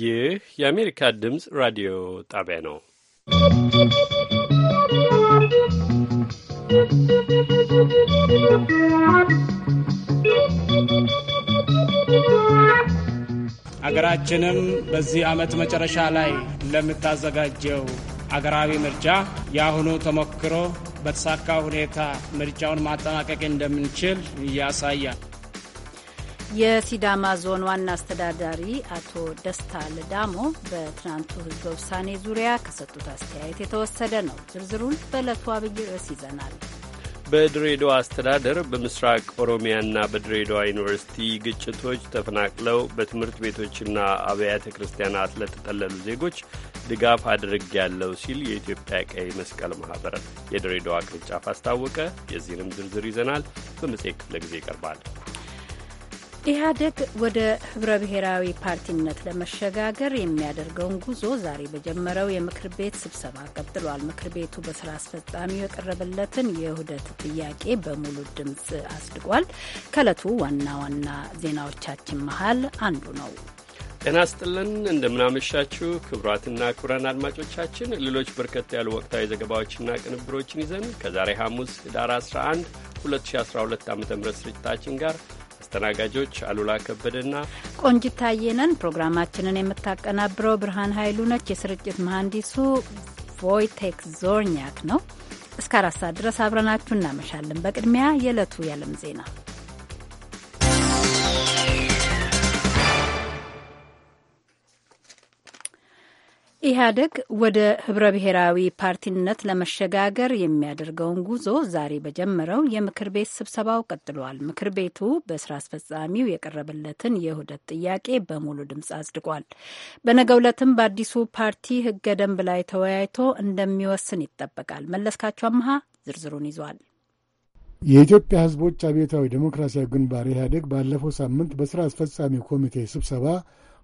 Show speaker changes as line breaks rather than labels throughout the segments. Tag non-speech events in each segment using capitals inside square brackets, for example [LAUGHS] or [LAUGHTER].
ይህ የአሜሪካ ድምፅ ራዲዮ ጣቢያ ነው።
አገራችንም በዚህ ዓመት መጨረሻ ላይ ለምታዘጋጀው አገራዊ ምርጫ የአሁኑ ተሞክሮ በተሳካ ሁኔታ ምርጫውን ማጠናቀቅ እንደምንችል ያሳያል።
የሲዳማ ዞን ዋና አስተዳዳሪ አቶ ደስታ ልዳሞ በትናንቱ ሕዝበ ውሳኔ ዙሪያ ከሰጡት አስተያየት የተወሰደ ነው። ዝርዝሩን በዕለቱ አብይ ርዕስ ይዘናል።
በድሬዳዋ አስተዳደር በምስራቅ ኦሮሚያና በድሬዳዋ ዩኒቨርሲቲ ግጭቶች ተፈናቅለው በትምህርት ቤቶችና አብያተ ክርስቲያናት ለተጠለሉ ዜጎች ድጋፍ አድርግ ያለው ሲል የኢትዮጵያ ቀይ መስቀል ማህበር የድሬዳዋ ቅርንጫፍ አስታወቀ። የዚህንም ዝርዝር ይዘናል። በመጽሔት ክፍለ ጊዜ ይቀርባል።
ኢህአዴግ ወደ ህብረ ብሔራዊ ፓርቲነት ለመሸጋገር የሚያደርገውን ጉዞ ዛሬ በጀመረው የምክር ቤት ስብሰባ ቀጥሏል። ምክር ቤቱ በስራ አስፈጻሚው የቀረበለትን የውህደት ጥያቄ በሙሉ ድምፅ አጽድቋል። ከእለቱ ዋና ዋና ዜናዎቻችን መሀል አንዱ ነው።
ጤና ስጥልን እንደምናመሻችሁ ክቡራትና ክቡራን አድማጮቻችን ሌሎች በርከት ያሉ ወቅታዊ ዘገባዎችና ቅንብሮችን ይዘን ከዛሬ ሐሙስ ህዳር 11 2012 ዓ ም ስርጭታችን ጋር አስተናጋጆች አሉላ ከበደና
ቆንጅት ታየነን። ፕሮግራማችንን የምታቀናብረው ብርሃን ኃይሉ ነች። የስርጭት መሐንዲሱ ቮይቴክ ዞርኛክ ነው። እስከ አራት ሰዓት ድረስ አብረናችሁ እናመሻለን። በቅድሚያ የዕለቱ የዓለም ዜና ኢህአደግ ወደ ህብረ ብሔራዊ ፓርቲነት ለመሸጋገር የሚያደርገውን ጉዞ ዛሬ በጀመረው የምክር ቤት ስብሰባው ቀጥሏል። ምክር ቤቱ በስራ አስፈጻሚው የቀረበለትን የውህደት ጥያቄ በሙሉ ድምፅ አጽድቋል። በነገ ውለትም በአዲሱ ፓርቲ ህገ ደንብ ላይ ተወያይቶ እንደሚወስን ይጠበቃል። መለስካቸው አምሃ ዝርዝሩን ይዟል።
የኢትዮጵያ ህዝቦች አብዮታዊ ዴሞክራሲያዊ ግንባር ኢህአዴግ ባለፈው ሳምንት በስራ አስፈጻሚ ኮሚቴ ስብሰባ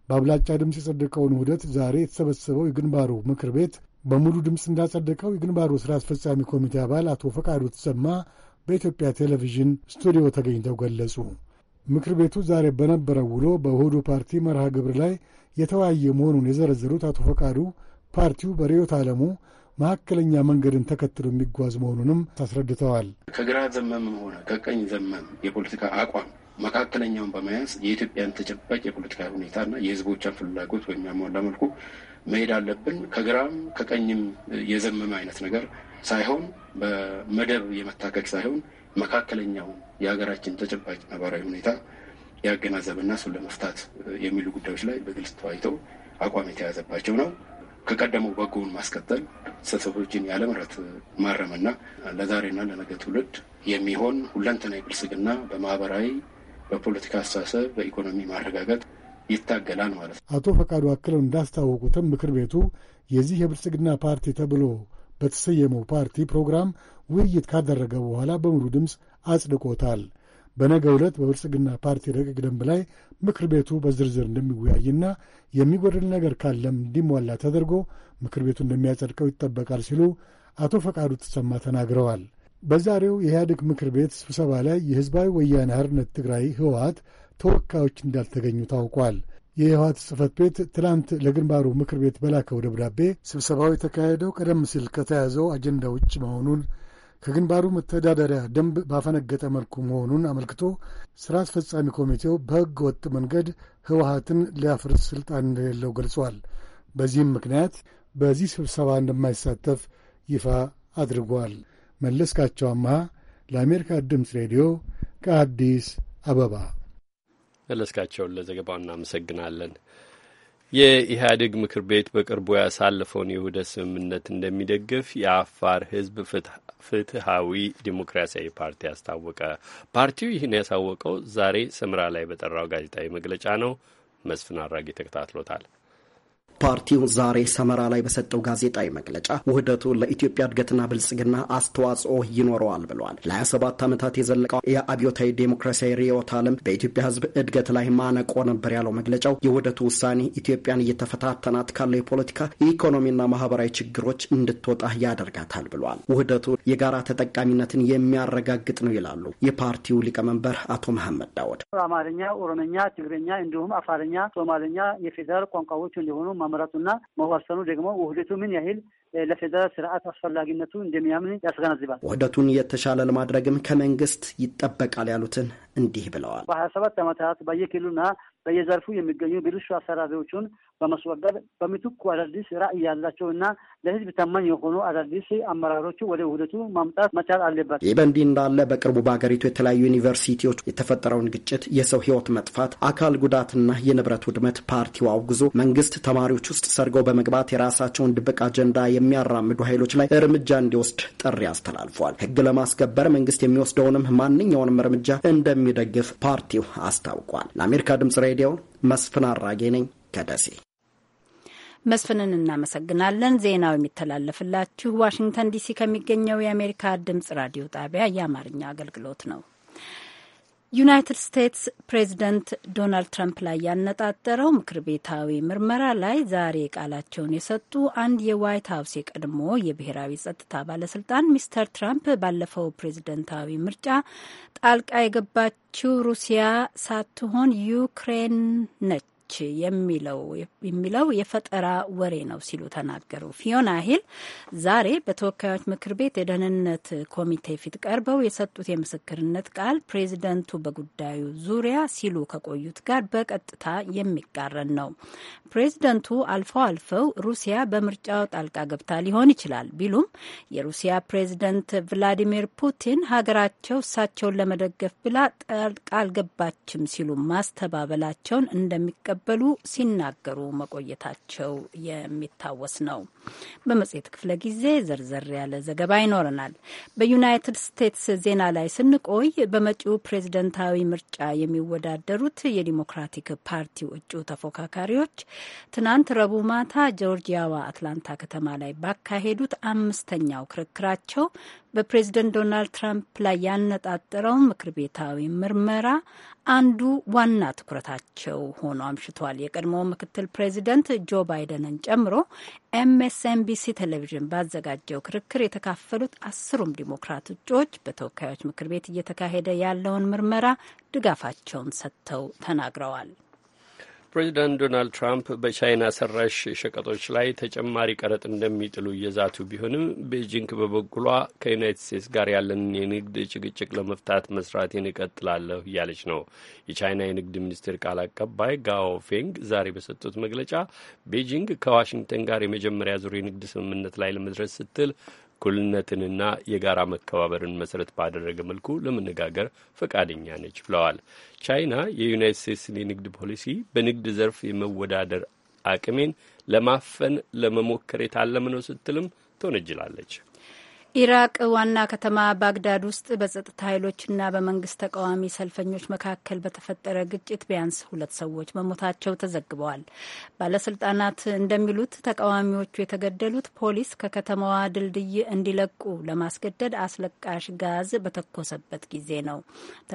በአብላጫ ድምፅ የጸደቀውን ውህደት ዛሬ የተሰበሰበው የግንባሩ ምክር ቤት በሙሉ ድምፅ እንዳጸደቀው የግንባሩ ሥራ አስፈጻሚ ኮሚቴ አባል አቶ ፈቃዱ ተሰማ በኢትዮጵያ ቴሌቪዥን ስቱዲዮ ተገኝተው ገለጹ። ምክር ቤቱ ዛሬ በነበረው ውሎ በውህዱ ፓርቲ መርሃ ግብር ላይ የተወያየ መሆኑን የዘረዘሩት አቶ ፈቃዱ ፓርቲው በርዕዮተ ዓለሙ መካከለኛ መንገድን ተከትሎ የሚጓዝ መሆኑንም አስረድተዋል።
ከግራ ዘመምም ሆነ ከቀኝ ዘመም የፖለቲካ አቋም መካከለኛውን በመያዝ የኢትዮጵያን ተጨባጭ የፖለቲካ ሁኔታና የህዝቦቿን ፍላጎት በሚያሟላ መልኩ መሄድ አለብን። ከግራም ከቀኝም የዘመመ አይነት ነገር ሳይሆን በመደብ የመታከል ሳይሆን መካከለኛውን የሀገራችን ተጨባጭ ነባራዊ ሁኔታ ያገናዘበና እሱን ለመፍታት የሚሉ ጉዳዮች ላይ በግልጽ ተወያይተው አቋም የተያዘባቸው ነው። ከቀደመው በጎውን ማስቀጠል፣ ስህተቶችን ያለምረት ማረምና ለዛሬና ለነገ ትውልድ የሚሆን ሁለንተና ብልጽግና በማህበራዊ በፖለቲካ አስተሳሰብ፣ በኢኮኖሚ ማረጋጋት ይታገላል ማለት ነው።
አቶ ፈቃዱ አክለው እንዳስታወቁትም ምክር ቤቱ የዚህ የብልጽግና ፓርቲ ተብሎ በተሰየመው ፓርቲ ፕሮግራም ውይይት ካደረገ በኋላ በሙሉ ድምፅ አጽድቆታል። በነገ ዕለት በብልጽግና ፓርቲ ረቂቅ ደንብ ላይ ምክር ቤቱ በዝርዝር እንደሚወያይና የሚጎድል ነገር ካለም እንዲሟላ ተደርጎ ምክር ቤቱ እንደሚያጸድቀው ይጠበቃል ሲሉ አቶ ፈቃዱ ተሰማ ተናግረዋል። በዛሬው የኢህአዴግ ምክር ቤት ስብሰባ ላይ የህዝባዊ ወያነ ሓርነት ትግራይ ህወሓት ተወካዮች እንዳልተገኙ ታውቋል። የህወሓት ጽህፈት ቤት ትናንት ለግንባሩ ምክር ቤት በላከው ደብዳቤ ስብሰባው የተካሄደው ቀደም ሲል ከተያዘው አጀንዳ ውጭ መሆኑን ከግንባሩ መተዳደሪያ ደንብ ባፈነገጠ መልኩ መሆኑን አመልክቶ ሥራ አስፈጻሚ ኮሚቴው በሕገ ወጥ መንገድ ህወሀትን ሊያፍርስ ሥልጣን እንደሌለው ገልጿል። በዚህም ምክንያት በዚህ ስብሰባ እንደማይሳተፍ ይፋ አድርጓል። መለስካቸው ለአሜሪካ ድምፅ ሬዲዮ ከአዲስ አበባ።
መለስካቸውን ለዘገባው እናመሰግናለን። የኢህአዴግ ምክር ቤት በቅርቡ ያሳለፈውን የውህደት ስምምነት እንደሚደግፍ የአፋር ህዝብ ፍትሐዊ ዲሞክራሲያዊ ፓርቲ አስታወቀ። ፓርቲው ይህን ያሳወቀው ዛሬ ሰምራ ላይ በጠራው ጋዜጣዊ መግለጫ ነው። መስፍን አራጌ ተከታትሎታል።
ፓርቲው ዛሬ ሰመራ ላይ በሰጠው ጋዜጣዊ መግለጫ ውህደቱ ለኢትዮጵያ እድገትና ብልጽግና አስተዋጽኦ ይኖረዋል ብለዋል። ለ27 ዓመታት የዘለቀው የአብዮታዊ ዴሞክራሲያዊ ርዕዮተ ዓለም በኢትዮጵያ ሕዝብ እድገት ላይ ማነቆ ነበር ያለው መግለጫው የውህደቱ ውሳኔ ኢትዮጵያን እየተፈታተናት ካለው የፖለቲካ የኢኮኖሚና ማህበራዊ ችግሮች እንድትወጣ ያደርጋታል ብለዋል። ውህደቱ የጋራ ተጠቃሚነትን የሚያረጋግጥ ነው ይላሉ የፓርቲው ሊቀመንበር አቶ መሐመድ ዳወድ።
አማርኛ፣ ኦሮምኛ፣ ትግርኛ እንዲሁም አፋርኛ፣ ሶማልኛ የፌዴራል ቋንቋዎች እንዲሆኑ ማመራቱና መዋሰኑ ደግሞ ውህደቱ ምን ያህል ለፌዴራል ስርዓት አስፈላጊነቱ እንደሚያምን ያስገነዝባል።
ውህደቱን የተሻለ ለማድረግም ከመንግስት ይጠበቃል ያሉትን እንዲህ ብለዋል።
በሀያ ሰባት ዓመታት በየክልሉና በየዘርፉ የሚገኙ ብልሹ አሰራሪዎቹን በማስወገድ በምትኩ አዳዲስ ራዕይ ያላቸው እና ለህዝብ ታማኝ የሆኑ አዳዲስ አመራሮቹ ወደ ውህደቱ ማምጣት መቻል አለበት። ይህ
በእንዲህ እንዳለ በቅርቡ በሀገሪቱ የተለያዩ ዩኒቨርሲቲዎች የተፈጠረውን ግጭት፣ የሰው ህይወት መጥፋት፣ አካል ጉዳትና የንብረት ውድመት ፓርቲው አውግዞ መንግስት ተማሪዎች ውስጥ ሰርገው በመግባት የራሳቸውን ድብቅ አጀንዳ የሚያራምዱ ኃይሎች ላይ እርምጃ እንዲወስድ ጥሪ አስተላልፏል። ህግ ለማስከበር መንግስት የሚወስደውንም ማንኛውንም እርምጃ እንደሚደግፍ ፓርቲው አስታውቋል። ለአሜሪካ ድምጽ ሬዲዮ መስፍን አራጌ ነኝ ከደሴ
መስፍንን እናመሰግናለን። ዜናው የሚተላለፍላችሁ ዋሽንግተን ዲሲ ከሚገኘው የአሜሪካ ድምጽ ራዲዮ ጣቢያ የአማርኛ አገልግሎት ነው። ዩናይትድ ስቴትስ ፕሬዚደንት ዶናልድ ትራምፕ ላይ ያነጣጠረው ምክር ቤታዊ ምርመራ ላይ ዛሬ ቃላቸውን የሰጡ አንድ የዋይት ሀውስ የቀድሞ የብሔራዊ ጸጥታ ባለስልጣን ሚስተር ትራምፕ ባለፈው ፕሬዝደንታዊ ምርጫ ጣልቃ የገባችው ሩሲያ ሳትሆን ዩክሬን ነች የሚለው የሚለው የፈጠራ ወሬ ነው ሲሉ ተናገሩ። ፊዮና ሂል ዛሬ በተወካዮች ምክር ቤት የደህንነት ኮሚቴ ፊት ቀርበው የሰጡት የምስክርነት ቃል ፕሬዚደንቱ በጉዳዩ ዙሪያ ሲሉ ከቆዩት ጋር በቀጥታ የሚቃረን ነው። ፕሬዚደንቱ አልፈው አልፈው ሩሲያ በምርጫው ጣልቃ ገብታ ሊሆን ይችላል ቢሉም የሩሲያ ፕሬዚደንት ቭላዲሚር ፑቲን ሀገራቸው እሳቸውን ለመደገፍ ብላ ጣልቃ አልገባችም ሲሉ ማስተባበላቸውን እንደሚቀበ እንደሚቀበሉ ሲናገሩ መቆየታቸው የሚታወስ ነው። በመጽሔት ክፍለ ጊዜ ዘርዘር ያለ ዘገባ ይኖረናል። በዩናይትድ ስቴትስ ዜና ላይ ስንቆይ በመጪው ፕሬዝደንታዊ ምርጫ የሚወዳደሩት የዲሞክራቲክ ፓርቲው እጩ ተፎካካሪዎች ትናንት ረቡዕ ማታ ጆርጂያዋ አትላንታ ከተማ ላይ ባካሄዱት አምስተኛው ክርክራቸው በፕሬዝደንት ዶናልድ ትራምፕ ላይ ያነጣጠረውን ምክር ቤታዊ ምርመራ አንዱ ዋና ትኩረታቸው ሆኖ አምሽቷል። የቀድሞ ምክትል ፕሬዚደንት ጆ ባይደንን ጨምሮ ኤምኤስኤንቢሲ ቴሌቪዥን ባዘጋጀው ክርክር የተካፈሉት አስሩም ዲሞክራት እጩዎች በተወካዮች ምክር ቤት እየተካሄደ ያለውን ምርመራ ድጋፋቸውን ሰጥተው ተናግረዋል።
ፕሬዚዳንት ዶናልድ ትራምፕ በቻይና ሰራሽ ሸቀጦች ላይ ተጨማሪ ቀረጥ እንደሚጥሉ እየዛቱ ቢሆንም ቤጂንግ በበኩሏ ከዩናይትድ ስቴትስ ጋር ያለንን የንግድ ጭቅጭቅ ለመፍታት መስራቴን እቀጥላለሁ እያለች ነው። የቻይና የንግድ ሚኒስቴር ቃል አቀባይ ጋኦ ፌንግ ዛሬ በሰጡት መግለጫ ቤጂንግ ከዋሽንግተን ጋር የመጀመሪያ ዙር የንግድ ስምምነት ላይ ለመድረስ ስትል እኩልነትንና የጋራ መከባበርን መሰረት ባደረገ መልኩ ለመነጋገር ፈቃደኛ ነች ብለዋል። ቻይና የዩናይት ስቴትስን የንግድ ፖሊሲ በንግድ ዘርፍ የመወዳደር አቅሜን ለማፈን ለመሞከር የታለመ ነው ስትልም ትወነጅላለች።
ኢራቅ ዋና ከተማ ባግዳድ ውስጥ በጸጥታ ኃይሎችና በመንግስት ተቃዋሚ ሰልፈኞች መካከል በተፈጠረ ግጭት ቢያንስ ሁለት ሰዎች መሞታቸው ተዘግበዋል። ባለስልጣናት እንደሚሉት ተቃዋሚዎቹ የተገደሉት ፖሊስ ከከተማዋ ድልድይ እንዲለቁ ለማስገደድ አስለቃሽ ጋዝ በተኮሰበት ጊዜ ነው።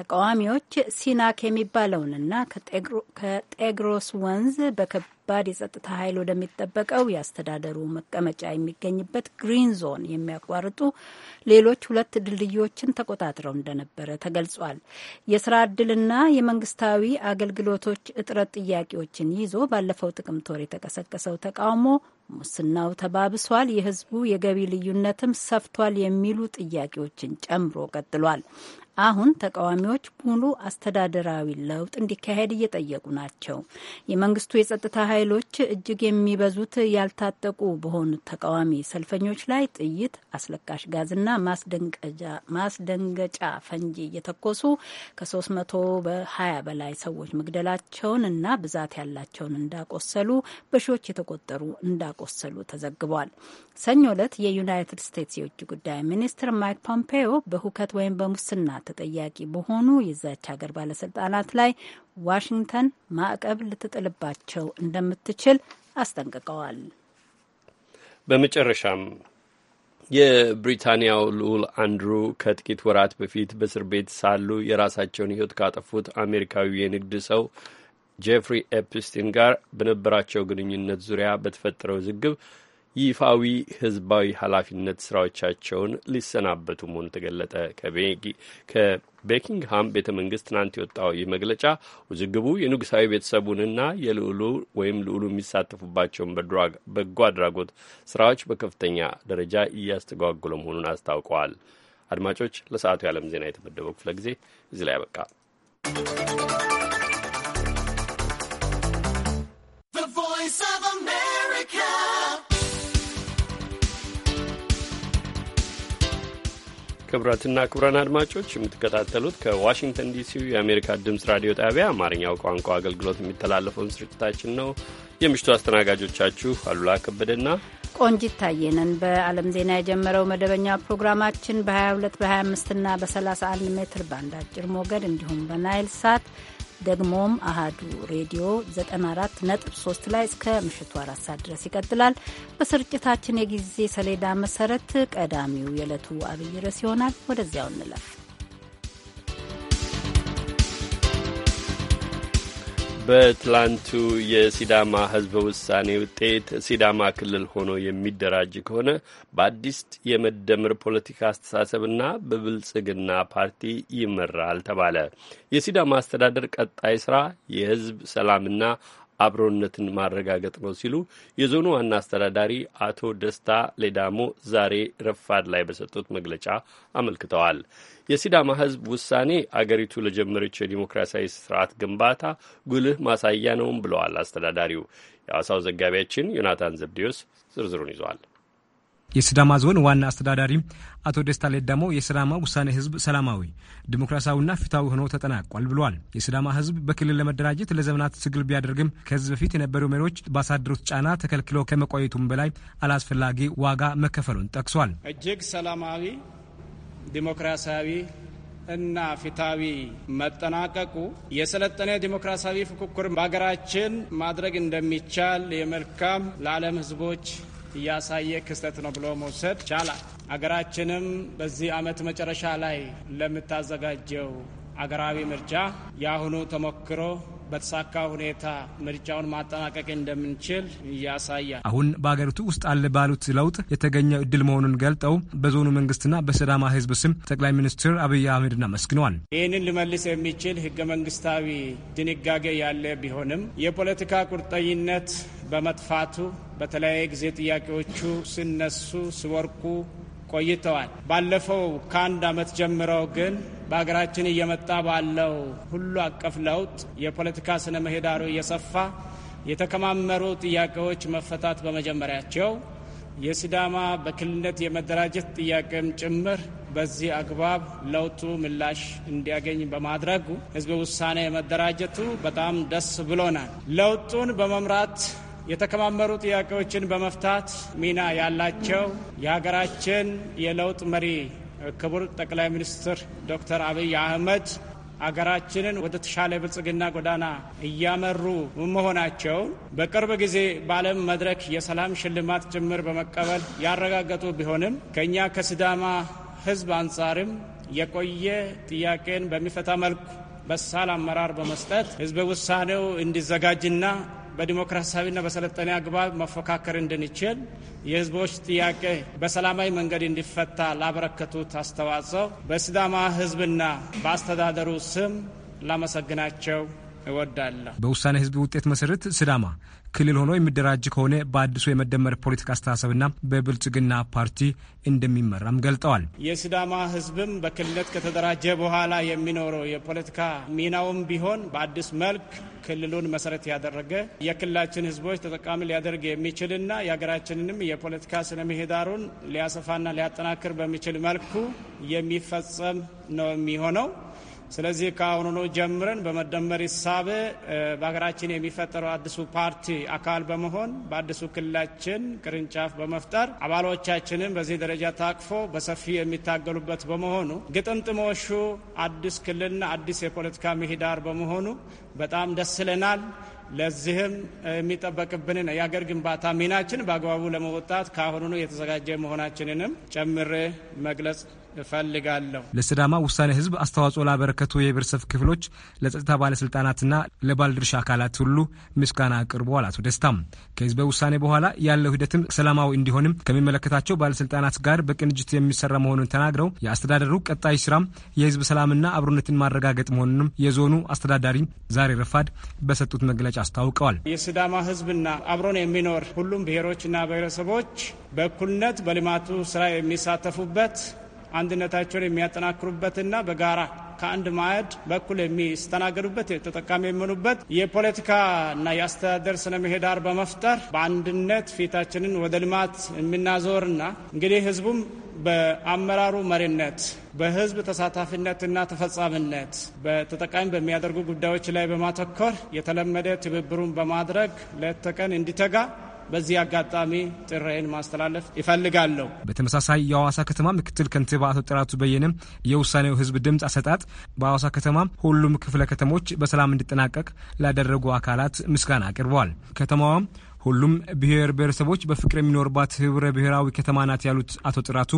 ተቃዋሚዎች ሲናክ የሚባለውንና ከጤግሮስ ወንዝ በከብ በከባድ የጸጥታ ኃይል ወደሚጠበቀው የአስተዳደሩ መቀመጫ የሚገኝበት ግሪን ዞን የሚያቋርጡ ሌሎች ሁለት ድልድዮችን ተቆጣጥረው እንደነበረ ተገልጿል። የስራ እድልና የመንግስታዊ አገልግሎቶች እጥረት ጥያቄዎችን ይዞ ባለፈው ጥቅምት ወር የተቀሰቀሰው ተቃውሞ ሙስናው ተባብሷል፣ የህዝቡ የገቢ ልዩነትም ሰፍቷል የሚሉ ጥያቄዎችን ጨምሮ ቀጥሏል። አሁን ተቃዋሚዎች ሙሉ አስተዳደራዊ ለውጥ እንዲካሄድ እየጠየቁ ናቸው። የመንግስቱ የጸጥታ ኃይሎች እጅግ የሚበዙት ያልታጠቁ በሆኑት ተቃዋሚ ሰልፈኞች ላይ ጥይት፣ አስለቃሽ ጋዝና ማስደንገጫ ፈንጂ እየተኮሱ ከ320 በላይ ሰዎች መግደላቸውን እና ብዛት ያላቸውን እንዳቆሰሉ በሺዎች የተቆጠሩ እንዳቆ እንደቆሰሉ ተዘግቧል። ሰኞ ዕለት የዩናይትድ ስቴትስ የውጭ ጉዳይ ሚኒስትር ማይክ ፖምፔዮ በሁከት ወይም በሙስና ተጠያቂ በሆኑ የዛች ሀገር ባለስልጣናት ላይ ዋሽንግተን ማዕቀብ ልትጥልባቸው እንደምትችል አስጠንቅቀዋል።
በመጨረሻም የብሪታንያው ልዑል አንድሩ ከጥቂት ወራት በፊት በእስር ቤት ሳሉ የራሳቸውን ሕይወት ካጠፉት አሜሪካዊ የንግድ ሰው ጄፍሪ ኤፕስቲን ጋር በነበራቸው ግንኙነት ዙሪያ በተፈጠረው ውዝግብ ይፋዊ ህዝባዊ ኃላፊነት ስራዎቻቸውን ሊሰናበቱ መሆኑ ተገለጠ። ከቤኪንግሃም ቤተ መንግስት ትናንት የወጣው ይህ መግለጫ ውዝግቡ የንጉሳዊ ቤተሰቡንና የልዑሉ ወይም ልዑሉ የሚሳተፉባቸውን በጎ አድራጎት ስራዎች በከፍተኛ ደረጃ እያስተጓጉለ መሆኑን አስታውቀዋል። አድማጮች፣ ለሰዓቱ የዓለም ዜና የተመደበው ክፍለ ጊዜ እዚህ ላይ ያበቃ። ክቡራትና ክቡራን አድማጮች የምትከታተሉት ከዋሽንግተን ዲሲ የአሜሪካ ድምፅ ራዲዮ ጣቢያ አማርኛው ቋንቋ አገልግሎት የሚተላለፈውን ስርጭታችን ነው። የምሽቱ አስተናጋጆቻችሁ አሉላ ከበደና
ቆንጂት ታየነን። በዓለም ዜና የጀመረው መደበኛ ፕሮግራማችን በ22 በ25ና በ31 ሜትር ባንድ አጭር ሞገድ እንዲሁም በናይል ሳት ደግሞም አሃዱ ሬዲዮ 94.3 ላይ እስከ ምሽቱ አራት ሰዓት ድረስ ይቀጥላል። በስርጭታችን የጊዜ ሰሌዳ መሰረት ቀዳሚው የዕለቱ አብይ ርዕስ ይሆናል። ወደዚያው እንለፍ።
በትላንቱ የሲዳማ ህዝበ ውሳኔ ውጤት ሲዳማ ክልል ሆኖ የሚደራጅ ከሆነ በአዲስ የመደመር ፖለቲካ አስተሳሰብና በብልጽግና ፓርቲ ይመራል ተባለ። የሲዳማ አስተዳደር ቀጣይ ስራ የህዝብ ሰላምና አብሮነትን ማረጋገጥ ነው ሲሉ የዞኑ ዋና አስተዳዳሪ አቶ ደስታ ሌዳሞ ዛሬ ረፋድ ላይ በሰጡት መግለጫ አመልክተዋል። የሲዳማ ሕዝብ ውሳኔ አገሪቱ ለጀመረችው የዲሞክራሲያዊ ስርዓት ግንባታ ጉልህ ማሳያ ነውም ብለዋል አስተዳዳሪው። የአዋሳው ዘጋቢያችን ዮናታን ዘብዴዎስ ዝርዝሩን ይዟል።
የስዳማ ዞን ዋና አስተዳዳሪ አቶ ደስታ ሌዳሞ የስዳማ ውሳኔ ህዝብ ሰላማዊ ዲሞክራሲያዊና ፊታዊ ሆኖ ተጠናቋል ብሏል። የስዳማ ህዝብ በክልል ለመደራጀት ለዘመናት ትግል ቢያደርግም ከህዝብ በፊት የነበሩ መሪዎች ባሳደሩት ጫና ተከልክሎ ከመቆየቱም በላይ አላስፈላጊ ዋጋ መከፈሉን ጠቅሷል።
እጅግ ሰላማዊ ዲሞክራሲያዊ እና ፊታዊ መጠናቀቁ የሰለጠነ ዲሞክራሲያዊ ፉክክር በሀገራችን ማድረግ እንደሚቻል የመልካም ለዓለም ህዝቦች እያሳየ ክስተት ነው ብሎ መውሰድ ይቻላል። አገራችንም በዚህ ዓመት መጨረሻ ላይ ለምታዘጋጀው አገራዊ ምርጫ የአሁኑ ተሞክሮ በተሳካ ሁኔታ ምርጫውን ማጠናቀቅ እንደምንችል ያሳያል።
አሁን በሀገሪቱ ውስጥ አለ ባሉት ለውጥ የተገኘ እድል መሆኑን ገልጠው በዞኑ መንግስትና በሲዳማ ህዝብ ስም ጠቅላይ ሚኒስትር አብይ አህመድን አመስግነዋል።
ይህንን ልመልስ የሚችል ህገ መንግስታዊ ድንጋጌ ያለ ቢሆንም የፖለቲካ ቁርጠኝነት በመጥፋቱ በተለያየ ጊዜ ጥያቄዎቹ ሲነሱ ሲወርቁ ቆይተዋል። ባለፈው ከአንድ ዓመት ጀምሮ ግን በሀገራችን እየመጣ ባለው ሁሉ አቀፍ ለውጥ የፖለቲካ ስነ ምህዳሩ እየሰፋ የተከማመሩ ጥያቄዎች መፈታት በመጀመሪያቸው የሲዳማ በክልልነት የመደራጀት ጥያቄም ጭምር በዚህ አግባብ ለውጡ ምላሽ እንዲያገኝ በማድረጉ ሕዝብ ውሳኔ መደራጀቱ በጣም ደስ ብሎናል። ለውጡን በመምራት የተከማመሩ ጥያቄዎችን በመፍታት ሚና ያላቸው የሀገራችን የለውጥ መሪ ክቡር ጠቅላይ ሚኒስትር ዶክተር አብይ አህመድ አገራችንን ወደ ተሻለ ብልጽግና ጎዳና እያመሩ መሆናቸውን በቅርብ ጊዜ በዓለም መድረክ የሰላም ሽልማት ጭምር በመቀበል ያረጋገጡ ቢሆንም ከእኛ ከሲዳማ ሕዝብ አንጻርም የቆየ ጥያቄን በሚፈታ መልኩ በሳል አመራር በመስጠት ሕዝበ ውሳኔው እንዲዘጋጅና በዲሞክራሲያዊና በሰለጠነ አግባብ መፎካከር እንድንችል የህዝቦች ጥያቄ በሰላማዊ መንገድ እንዲፈታ ላበረከቱት አስተዋጽኦ በሲዳማ ህዝብና በአስተዳደሩ ስም ላመሰግናቸው እወዳለሁ።
በውሳኔ ህዝብ ውጤት መሰረት ሲዳማ ክልል ሆኖ የሚደራጅ ከሆነ በአዲሱ የመደመር ፖለቲካ አስተሳሰብና በብልጽግና ፓርቲ እንደሚመራም ገልጠዋል።
የሲዳማ ህዝብም በክልልነት ከተደራጀ በኋላ የሚኖረው የፖለቲካ ሚናውም ቢሆን በአዲስ መልክ ክልሉን መሰረት ያደረገ የክልላችን ህዝቦች ተጠቃሚ ሊያደርግ የሚችልና የሀገራችንንም የፖለቲካ ስነ ምህዳሩን ሊያሰፋና ሊያጠናክር በሚችል መልኩ የሚፈጸም ነው የሚሆነው። ስለዚህ ከአሁኑ ጀምረን በመደመር ሂሳብ በሀገራችን የሚፈጠረው አዲሱ ፓርቲ አካል በመሆን በአዲሱ ክልላችን ቅርንጫፍ በመፍጠር አባሎቻችንም በዚህ ደረጃ ታቅፎ በሰፊ የሚታገሉበት በመሆኑ ግጥምጥሞሹ አዲስ ክልልና አዲስ የፖለቲካ ምህዳር በመሆኑ በጣም ደስ ይለናል። ለዚህም የሚጠበቅብንን የአገር ግንባታ ሚናችን በአግባቡ ለመወጣት ከአሁኑ የተዘጋጀ መሆናችንንም ጨምሬ መግለጽ እፈልጋለሁ።
ለስዳማ ውሳኔ ህዝብ አስተዋጽኦ ላበረከቱ የብሔረሰብ ክፍሎች፣ ለጸጥታ ባለስልጣናትና ለባለድርሻ አካላት ሁሉ ምስጋና አቅርበዋል። አቶ ደስታም ከህዝበ ውሳኔ በኋላ ያለው ሂደትም ሰላማዊ እንዲሆንም ከሚመለከታቸው ባለስልጣናት ጋር በቅንጅት የሚሰራ መሆኑን ተናግረው የአስተዳደሩ ቀጣይ ስራም የህዝብ ሰላምና አብሮነትን ማረጋገጥ መሆኑንም የዞኑ አስተዳዳሪ ዛሬ ረፋድ በሰጡት መግለጫ አስታውቀዋል።
የስዳማ ህዝብና አብሮን የሚኖር ሁሉም ብሔሮችና ብሔረሰቦች በእኩልነት በልማቱ ስራ የሚሳተፉበት አንድነታቸውን የሚያጠናክሩበትና በጋራ ከአንድ ማዕድ በኩል የሚስተናገዱበት ተጠቃሚ የሚሆኑበት ና የአስተዳደር ስነ ምህዳር በመፍጠር በአንድነት ፊታችንን ወደ ልማት የምናዞርና እንግዲህ ህዝቡም በአመራሩ መሪነት በህዝብ ተሳታፊነትና ተፈጻሚነት በተጠቃሚ በሚያደርጉ ጉዳዮች ላይ በማተኮር የተለመደ ትብብሩን በማድረግ ለተቀን እንዲተጋ በዚህ አጋጣሚ ጥሬን ማስተላለፍ ይፈልጋለሁ።
በተመሳሳይ የአዋሳ ከተማ ምክትል ከንቲባ አቶ ጥራቱ በየነም የውሳኔው ህዝብ ድምፅ አሰጣጥ በአዋሳ ከተማ ሁሉም ክፍለ ከተሞች በሰላም እንዲጠናቀቅ ላደረጉ አካላት ምስጋና አቅርበዋል። ከተማዋም ሁሉም ብሔር ብሔረሰቦች በፍቅር የሚኖርባት ህብረ ብሔራዊ ከተማ ናት ያሉት አቶ ጥራቱ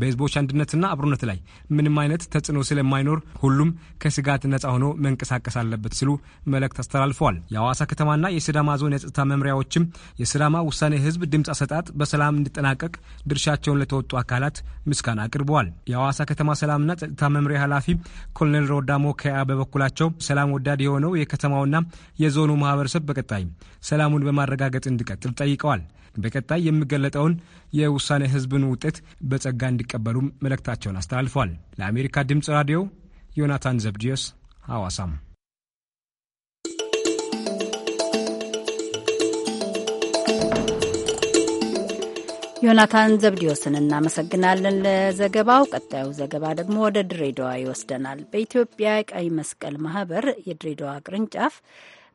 በህዝቦች አንድነትና አብሮነት ላይ ምንም አይነት ተጽዕኖ ስለማይኖር ሁሉም ከስጋት ነጻ ሆኖ መንቀሳቀስ አለበት ሲሉ መልእክት አስተላልፈዋል። የአዋሳ ከተማና የሲዳማ ዞን የጸጥታ መምሪያዎችም የስዳማ ውሳኔ ህዝብ ድምፅ አሰጣጥ በሰላም እንዲጠናቀቅ ድርሻቸውን ለተወጡ አካላት ምስጋና አቅርበዋል። የአዋሳ ከተማ ሰላምና ጸጥታ መምሪያ ኃላፊ ኮሎኔል ሮዳ ሞከያ በበኩላቸው ሰላም ወዳድ የሆነው የከተማውና የዞኑ ማህበረሰብ በቀጣይ ሰላሙን በማረጋገጥ እንዲቀጥል ጠይቀዋል። በቀጣይ የሚገለጠውን የውሳኔ ህዝብን ውጤት በጸጋ እንዲቀበሉም መልእክታቸውን አስተላልፏል። ለአሜሪካ ድምፅ ራዲዮ ዮናታን ዘብዲዮስ ሐዋሳም
ዮናታን ዘብዲዮስን እናመሰግናለን ለዘገባው። ቀጣዩ ዘገባ ደግሞ ወደ ድሬዳዋ ይወስደናል። በኢትዮጵያ ቀይ መስቀል ማህበር የድሬዳዋ ቅርንጫፍ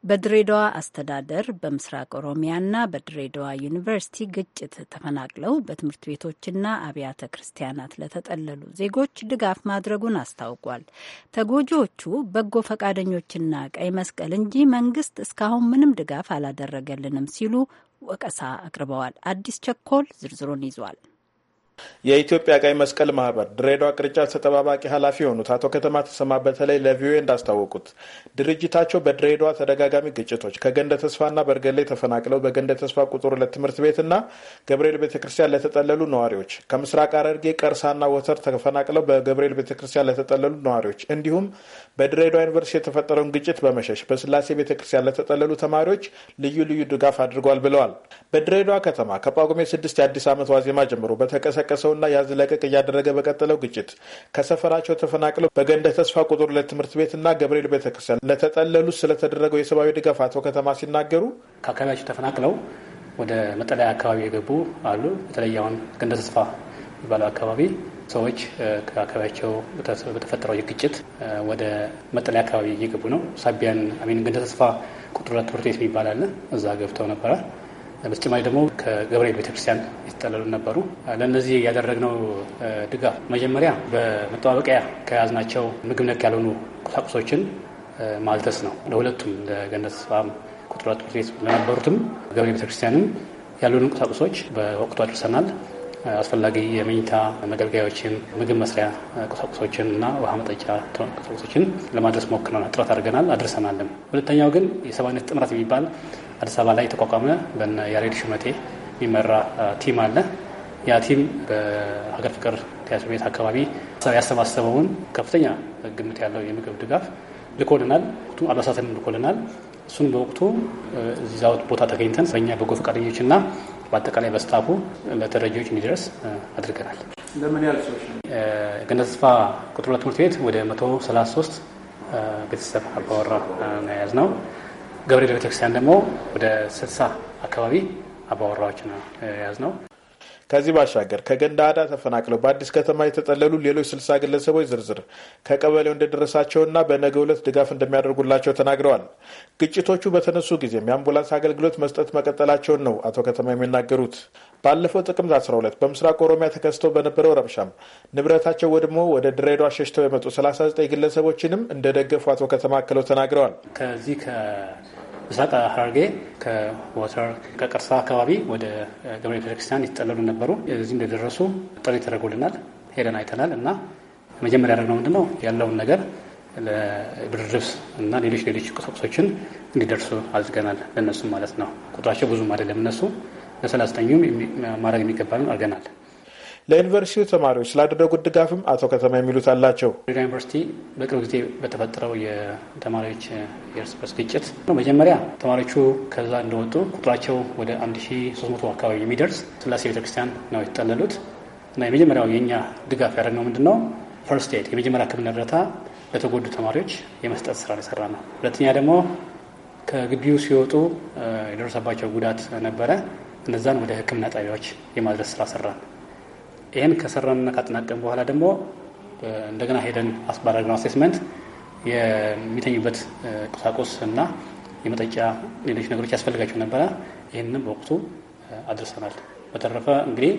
በድሬዳዋ አስተዳደር በምስራቅ ኦሮሚያና በድሬዳዋ ዩኒቨርሲቲ ግጭት ተፈናቅለው በትምህርት ቤቶችና አብያተ ክርስቲያናት ለተጠለሉ ዜጎች ድጋፍ ማድረጉን አስታውቋል። ተጎጂዎቹ በጎ ፈቃደኞችና ቀይ መስቀል እንጂ መንግስት እስካሁን ምንም ድጋፍ አላደረገልንም ሲሉ ወቀሳ አቅርበዋል። አዲስ ቸኮል ዝርዝሩን ይዟል።
የኢትዮጵያ ቀይ መስቀል ማህበር ድሬዳዋ ቅርንጫፍ ተጠባባቂ ኃላፊ የሆኑት አቶ ከተማ ተሰማ በተለይ ለቪኦኤ እንዳስታወቁት ድርጅታቸው በድሬዳዋ ተደጋጋሚ ግጭቶች ከገንደ ተስፋና በርገሌ ተፈናቅለው በገንደ ተስፋ ቁጥር ሁለት ትምህርት ቤትና ገብርኤል ቤተክርስቲያን ለተጠለሉ ነዋሪዎች፣ ከምስራቅ ሐረርጌ ቀርሳና ወተር ተፈናቅለው በገብርኤል ቤተክርስቲያን ለተጠለሉ ነዋሪዎች እንዲሁም በድሬዳዋ ዩኒቨርሲቲ የተፈጠረውን ግጭት በመሸሽ በስላሴ ቤተክርስቲያን ለተጠለሉ ተማሪዎች ልዩ ልዩ ድጋፍ አድርጓል ብለዋል። በድሬዳዋ ከተማ ከጳጉሜ ስድስት የአዲስ ዓመት ዋዜማ ጀምሮ በተቀሰቀ በተቀሰቀሰውና ያዝ ለቀቅ እያደረገ በቀጠለው ግጭት ከሰፈራቸው ተፈናቅለው በገንደ ተስፋ ቁጥር ለትምህርት ትምህርት ቤትና ገብርኤል ቤተክርስቲያን ለተጠለሉ ስለተደረገው የሰብአዊ ድጋፍ አቶ ከተማ ሲናገሩ ከአካባቢያቸው ተፈናቅለው ወደ መጠለያ አካባቢ የገቡ አሉ። በተለይ አሁን ገንደ ተስፋ
የሚባለው አካባቢ ሰዎች ከአካባቢያቸው በተፈጠረው ግጭት ወደ መጠለያ አካባቢ እየገቡ ነው። ሳቢያን አሚን ገንደ ተስፋ ቁጥር ለትምህርት ትምህርት ቤት የሚባል አለ። እዛ ገብተው ነበራል። በተጨማሪ ደግሞ ከገብርኤል ቤተክርስቲያን የተጠለሉ ነበሩ። ለእነዚህ ያደረግነው ድጋፍ መጀመሪያ በመጠባበቂያ ከያዝናቸው ምግብ ነክ ያልሆኑ ቁሳቁሶችን ማልተስ ነው። ለሁለቱም ለገነት ስም ቁጥር ትምህርት ቤት ለነበሩትም ገብርኤል ቤተክርስቲያንም ያሉን ቁሳቁሶች በወቅቱ አድርሰናል። አስፈላጊ የመኝታ መገልገያዎችን፣ ምግብ መስሪያ ቁሳቁሶችን እና ውሃ መጠጫ ቁሳቁሶችን ለማድረስ ሞክረናል። ጥረት አድርገናል፣ አድርሰናልም። ሁለተኛው ግን የሰብአዊነት ጥምረት የሚባል አዲስ አበባ ላይ የተቋቋመ በነ ያሬድ ሽመቴ የሚመራ ቲም አለ። ያ ቲም በሀገር ፍቅር ቲያትር ቤት አካባቢ ያሰባሰበውን ከፍተኛ ግምት ያለው የምግብ ድጋፍ ልኮልናል። ወቅቱ አልባሳትን ልኮልናል። እሱን በወቅቱ እዚያ ቦታ ተገኝተን በእኛ በጎ ፈቃደኞች እና በአጠቃላይ በስታፉ ለተረጂዎች እንዲደርስ አድርገናል። ለምን ያህል ሰዎች ገነት ተስፋ ቁጥር ሁለት ትምህርት ቤት ወደ መቶ ሰላሳ ሶስት ቤተሰብ አባወራ መያዝ ነው። ገብርኤል ቤተክርስቲያን ደግሞ ወደ ስልሳ አካባቢ አባወራዎች ነው
የያዝነው። ከዚህ ባሻገር ከገንዳ አዳ ተፈናቅለው በአዲስ ከተማ የተጠለሉ ሌሎች ስልሳ ግለሰቦች ዝርዝር ከቀበሌው እንደደረሳቸውና በነገው ዕለት ድጋፍ እንደሚያደርጉላቸው ተናግረዋል። ግጭቶቹ በተነሱ ጊዜም የአምቡላንስ አገልግሎት መስጠት መቀጠላቸውን ነው አቶ ከተማ የሚናገሩት። ባለፈው ጥቅምት 12 በምስራቅ ኦሮሚያ ተከስቶ በነበረው ረብሻም ንብረታቸው ወድሞ ወደ ድሬዳዋ ሸሽተው የመጡ 39 ግለሰቦችንም እንደደገፉ አቶ ከተማ አክለው ተናግረዋል። ከዚህ ይስሐቅ ሀርጌ
ከወተር ከቅርሳ አካባቢ ወደ ገብርኤል ቤተክርስቲያን ይጠለሉ ነበሩ። እዚህ እንደደረሱ ጥሪ ተደርጎልናል። ሄደን አይተናል እና መጀመሪያ ያደረግነው ምንድነው ያለውን ነገር ለብርድ ልብስ እና ሌሎች ሌሎች ቁሳቁሶችን እንዲደርሱ አድርገናል። ለነሱ
ማለት ነው። ቁጥራቸው ብዙም አይደለም እነሱ ለሰላስተኙም ማድረግ የሚገባልን አድርገናል። ለዩኒቨርሲቲው ተማሪዎች ስላደረጉት ድጋፍም አቶ ከተማ የሚሉት አላቸው። ድሬዳዋ ዩኒቨርሲቲ በቅርብ ጊዜ በተፈጠረው የተማሪዎች የእርስ በርስ ግጭት መጀመሪያ ተማሪዎቹ ከዛ
እንደወጡ ቁጥራቸው ወደ 1300 አካባቢ የሚደርስ ስላሴ ቤተክርስቲያን ነው የተጠለሉት እና የመጀመሪያው የእኛ ድጋፍ ያደረግነው ምንድን ነው ፈርስት ኤድ የመጀመሪያ ሕክምና እርዳታ ለተጎዱ ተማሪዎች የመስጠት ስራ የሰራ ነው። ሁለተኛ ደግሞ ከግቢው ሲወጡ የደረሰባቸው ጉዳት ነበረ። እነዛን ወደ ሕክምና ጣቢያዎች የማድረስ ስራ ሰራን። ይህን ከሰራንና ካጠናቀም በኋላ ደግሞ እንደገና ሄደን አስባረግነው አሴስመንት የሚተኙበት ቁሳቁስ እና የመጠጫ ሌሎች ነገሮች ያስፈልጋቸው ነበረ። ይህንንም በወቅቱ አድርሰናል። በተረፈ እንግዲህ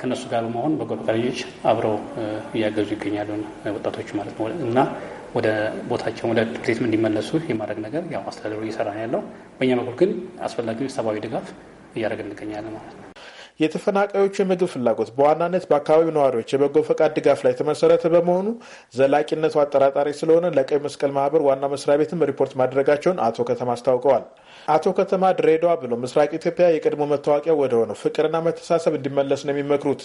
ከነሱ ጋር በመሆን በጎ ፈቃደኞች አብረው እያገዙ ይገኛሉ፣ ወጣቶች ማለት ነው እና ወደ ቦታቸው ወደ ትምህርት እንዲመለሱ የማድረግ ነገር ያው አስተዳደሩ እየሰራ ነው ያለው። በእኛ በኩል ግን አስፈላጊውን ሰብአዊ ድጋፍ እያደረግን እንገኛለን ማለት ነው።
የተፈናቃዮቹ የምግብ ፍላጎት በዋናነት በአካባቢው ነዋሪዎች የበጎ ፈቃድ ድጋፍ ላይ የተመሰረተ በመሆኑ ዘላቂነቱ አጠራጣሪ ስለሆነ ለቀይ መስቀል ማህበር ዋና መስሪያ ቤትም ሪፖርት ማድረጋቸውን አቶ ከተማ አስታውቀዋል። አቶ ከተማ ድሬዳዋ ብሎ ምስራቅ ኢትዮጵያ የቀድሞ መታወቂያ ወደሆነው ፍቅርና መተሳሰብ እንዲመለስ ነው የሚመክሩት።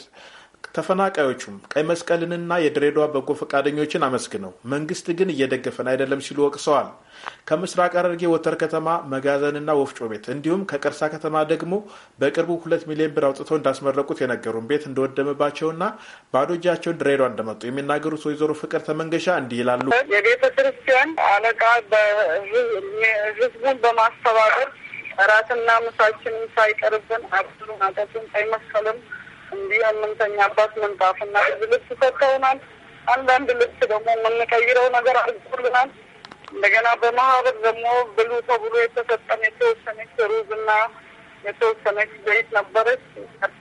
ተፈናቃዮቹም ቀይ መስቀልንና የድሬዳዋ በጎ ፈቃደኞችን አመስግነው መንግስት ግን እየደገፈን አይደለም ሲሉ ወቅሰዋል። ከምስራቅ ሐረርጌ ወተር ከተማ መጋዘንና ወፍጮ ቤት እንዲሁም ከቅርሳ ከተማ ደግሞ በቅርቡ ሁለት ሚሊዮን ብር አውጥተው እንዳስመረቁት የነገሩን ቤት እንደወደመባቸውና ባዶ እጃቸውን ድሬዳዋ እንደመጡ የሚናገሩት ወይዘሮ ፍቅር ተመንገሻ እንዲህ ይላሉ።
የቤተ
ክርስቲያን አለቃ በህዝቡን በማስተባበር እራትና ምሳችንም ሳይቀርብን አብሉ አጠጡን ቀይ መስቀልም እንዲህ የምንተኛባት
ምንጣፍና ብዙ ልብስ ሰጥተውናል። አንዳንድ ልብስ ደግሞ የምንቀይረው ነገር አድርጎልናል። እንደገና በማህበር ደግሞ ብሉ ተብሎ የተሰጠን የተወሰነች ሩዝና የተወሰነች ዘይት ነበረች።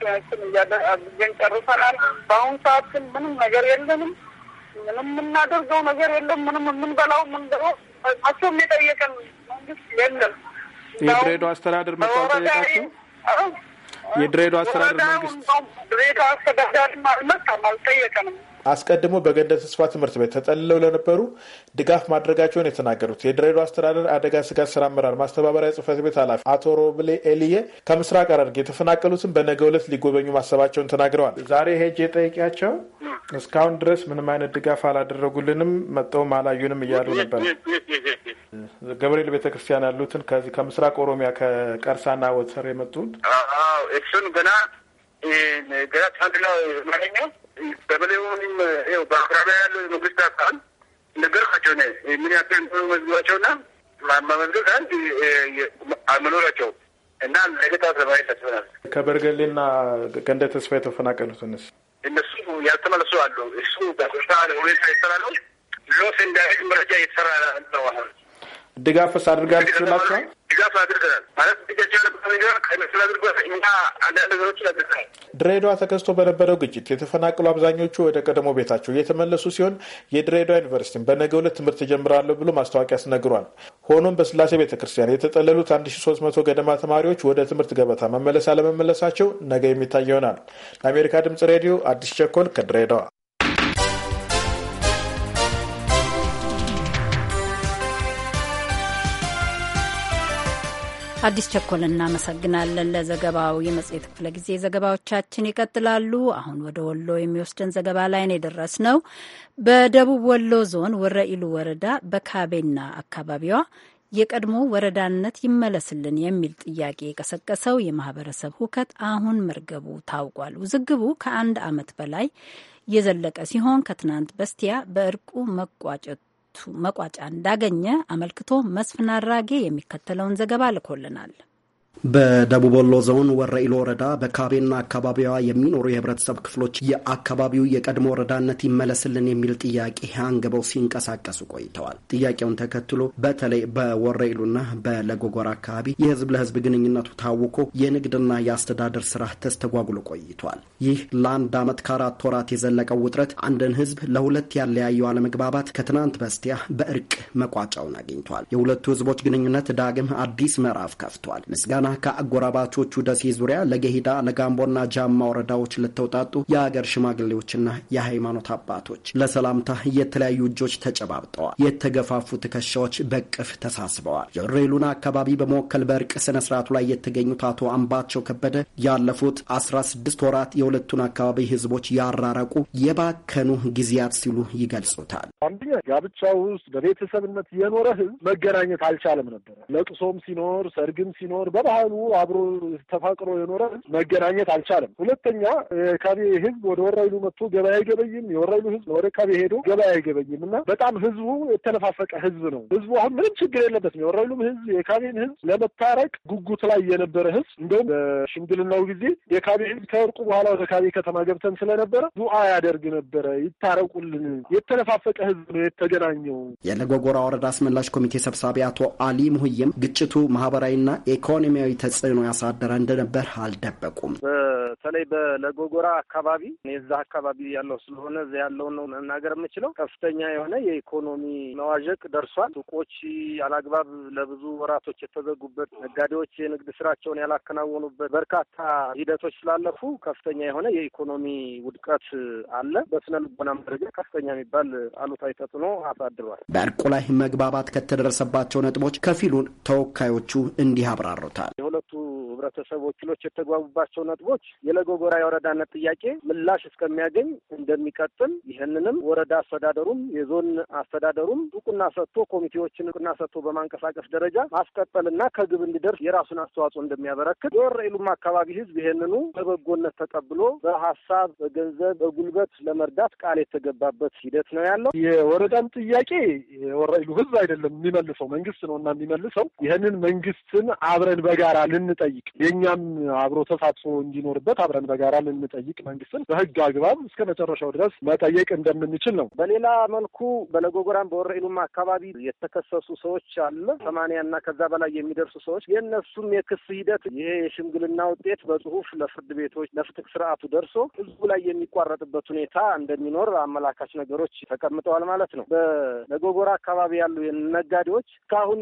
ቀርችን እያደረግን ጨርሰናል። በአሁን ሰዓትን ምንም ነገር የለንም። ምንም የምናደርገው ነገር የለም። ምንም የምንበላው ምንበላው አቸውም የጠየቀን መንግስት የለም።
የድሬዳዋ አስተዳደር መጣ ጠየቃቸው የድሬዳዋ አስተዳደር
መንግስት ድሬዳዋ አስተዳደር ማለት አልጠየቀንም።
አስቀድሞ በገንደ ተስፋ ትምህርት ቤት ተጠልለው ለነበሩ ድጋፍ ማድረጋቸውን የተናገሩት የድሬዳዋ አስተዳደር አደጋ ስጋት ስራ አመራር ማስተባበሪያ ጽህፈት ቤት ኃላፊ አቶ ሮብሌ ኤልዬ ከምስራቅ ሐረርጌ የተፈናቀሉትን በነገ ዕለት ሊጎበኙ ማሰባቸውን ተናግረዋል። ዛሬ ሄጄ ጠይቂያቸው እስካሁን ድረስ ምንም አይነት ድጋፍ አላደረጉልንም፣ መጠውም አላዩንም እያሉ ነበር። ገብርኤል ቤተክርስቲያን ያሉትን ከዚህ ከምስራቅ ኦሮሚያ ከቀርሳና ወተር የመጡት
እሱን ገና ገና በበሌውም ው በአቅራቢያ ያለው የመንግስት አካል ነገርካቸው ነ ምን ያክል መዝግባቸውና ማመመዝገብ አንድ አመኖራቸው እና ለጌታ ዘባይ ሰጥበናል።
ከበርገሌና ከእንደ ተስፋ የተፈናቀሉትንስ
እነሱ ያልተመለሱ አሉ። እሱ በሶሻ ሁኔታ የተሰራ ነው ሎስ እንዳይሄድ መረጃ የተሰራ ነው አሁን
ድጋፍስ አድርጋችሁ
ድጋፍ አድርገናል ማለት
ድሬዳዋ ተከስቶ በነበረው ግጭት የተፈናቀሉ አብዛኞቹ ወደ ቀደሞ ቤታቸው እየተመለሱ ሲሆን የድሬዳዋ ዩኒቨርሲቲም በነገ ሁለት ትምህርት ጀምራለሁ ብሎ ማስታወቂያ አስነግሯል። ሆኖም በስላሴ ቤተ ክርስቲያን የተጠለሉት 1300 ገደማ ተማሪዎች ወደ ትምህርት ገበታ መመለስ አለመመለሳቸው ነገ የሚታይ ይሆናል። ለአሜሪካ ድምጽ ሬዲዮ አዲስ ቸኮል ከድሬዳዋ
አዲስ ቸኮል እናመሰግናለን ለዘገባው። የመጽሔት ክፍለ ጊዜ ዘገባዎቻችን ይቀጥላሉ። አሁን ወደ ወሎ የሚወስደን ዘገባ ላይ ነው የደረስነው። በደቡብ ወሎ ዞን ወረኢሉ ወረዳ በካቤና አካባቢዋ የቀድሞ ወረዳነት ይመለስልን የሚል ጥያቄ የቀሰቀሰው የማህበረሰብ ሁከት አሁን መርገቡ ታውቋል። ውዝግቡ ከአንድ ዓመት በላይ የዘለቀ ሲሆን ከትናንት በስቲያ በእርቁ መቋጨቱ መቋጫ እንዳገኘ አመልክቶ መስፍን አራጌ የሚከተለውን ዘገባ ልኮልናል።
በደቡብ ወሎ ዞን ወረኢሉ ወረዳ በካቤና አካባቢዋ የሚኖሩ የህብረተሰብ ክፍሎች የአካባቢው የቀድሞ ወረዳነት ይመለስልን የሚል ጥያቄ አንግበው ሲንቀሳቀሱ ቆይተዋል። ጥያቄውን ተከትሎ በተለይ በወረኢሉና በለጎጎር አካባቢ የህዝብ ለህዝብ ግንኙነቱ ታውቆ የንግድና የአስተዳደር ስራ ተስተጓጉሎ ቆይቷል። ይህ ለአንድ ዓመት ከአራት ወራት የዘለቀው ውጥረት አንድን ህዝብ ለሁለት ያለያየው አለመግባባት ከትናንት በስቲያ በእርቅ መቋጫውን አግኝቷል። የሁለቱ ህዝቦች ግንኙነት ዳግም አዲስ ምዕራፍ ከፍቷል። ምስጋና ቀጠና ከአጎራባቾቹ ደሴ ዙሪያ፣ ለገሂዳ፣ ነጋምቦና ጃማ ወረዳዎች ለተውጣጡ የአገር ሽማግሌዎችና የሃይማኖት አባቶች ለሰላምታ የተለያዩ እጆች ተጨባብጠዋል። የተገፋፉ ትከሻዎች በቅፍ ተሳስበዋል። የሬሉና አካባቢ በመወከል በእርቅ ስነ ስርዓቱ ላይ የተገኙት አቶ አምባቸው ከበደ ያለፉት አስራ ስድስት ወራት የሁለቱን አካባቢ ህዝቦች ያራረቁ የባከኑ ጊዜያት ሲሉ ይገልጹታል።
አንደኛ ጋብቻ ውስጥ
በቤተሰብነት የኖረ ህዝብ መገናኘት አልቻለም ነበረ። ለቅሶም ሲኖር ሰርግም ሲኖር በባ ባህሉ አብሮ ተፋቅሮ የኖረ መገናኘት አልቻለም። ሁለተኛ የካቤ ህዝብ ወደ ወራይሉ መጥቶ ገበያ አይገበኝም። የወራይሉ ህዝብ ወደ ካቤ ሄዶ ገበያ አይገበኝም እና በጣም ህዝቡ የተነፋፈቀ ህዝብ ነው። ህዝቡ አሁን ምንም ችግር የለበትም። የወራይሉም ህዝብ የካቤን ህዝብ ለመታረቅ ጉጉት ላይ የነበረ ህዝብ እንደውም በሽምግልናው ጊዜ የካቤ ህዝብ ከእርቁ በኋላ ወደ ካቤ ከተማ ገብተን ስለነበረ ዱአ ያደርግ ነበረ። ይታረቁልን የተነፋፈቀ ህዝብ ነው የተገናኘው።
የለጎጎራ ወረዳ አስመላሽ ኮሚቴ ሰብሳቢ አቶ አሊ ሙህይም ግጭቱ ማህበራዊና ኢኮኖሚያዊ ኢኮኖሚያዊ ተጽዕኖ ያሳደረ እንደነበር አልደበቁም።
በተለይ በለጎጎራ አካባቢ የዛ አካባቢ ያለው ስለሆነ እዛ ያለውን ነው መናገር የምችለው። ከፍተኛ የሆነ የኢኮኖሚ መዋዠቅ ደርሷል። ሱቆች አላግባብ ለብዙ ወራቶች የተዘጉበት፣ ነጋዴዎች የንግድ ስራቸውን ያላከናወኑበት በርካታ ሂደቶች ስላለፉ ከፍተኛ የሆነ የኢኮኖሚ ውድቀት አለ። በስነ ልቦናም ደረጃ ከፍተኛ የሚባል አሉታዊ ተጽዕኖ አሳድሯል።
በእርቁ ላይ መግባባት ከተደረሰባቸው ነጥቦች ከፊሉን ተወካዮቹ እንዲህ አብራሩታል።
የሁለቱ ህብረተሰብ ወኪሎች የተግባቡባቸው ነጥቦች የለጎጎራ የወረዳነት ጥያቄ ምላሽ እስከሚያገኝ እንደሚቀጥል ይህንንም ወረዳ አስተዳደሩም የዞን አስተዳደሩም እውቅና ሰጥቶ ኮሚቴዎችን እውቅና ሰጥቶ በማንቀሳቀስ ደረጃ ማስቀጠልና ከግብ እንዲደርስ የራሱን አስተዋጽኦ እንደሚያበረክት የወረኢሉም አካባቢ ህዝብ ይህንኑ በበጎነት ተቀብሎ በሀሳብ፣ በገንዘብ፣ በጉልበት ለመርዳት ቃል የተገባበት ሂደት ነው ያለው። የወረዳን
ጥያቄ የወረኢሉ ህዝብ አይደለም የሚመልሰው መንግስት ነው እና የሚመልሰው ይህንን መንግስትን አብረን በጋራ ልንጠይቅ እንድንጠይቅ የእኛም አብሮ ተሳትፎ እንዲኖርበት አብረን በጋራ ልንጠይቅ መንግስትን በህግ አግባብ እስከ መጨረሻው ድረስ መጠየቅ እንደምንችል ነው።
በሌላ መልኩ በለጎጎራን በወረኢሉም አካባቢ የተከሰሱ ሰዎች አለ ሰማንያ እና ከዛ በላይ የሚደርሱ ሰዎች የእነሱም የክስ ሂደት ይሄ የሽምግልና ውጤት በጽሁፍ ለፍርድ ቤቶች ለፍትህ ስርዓቱ ደርሶ ህዝቡ ላይ የሚቋረጥበት ሁኔታ እንደሚኖር አመላካች ነገሮች ተቀምጠዋል ማለት ነው። በለጎጎራ አካባቢ ያሉ ነጋዴዎች እስካሁን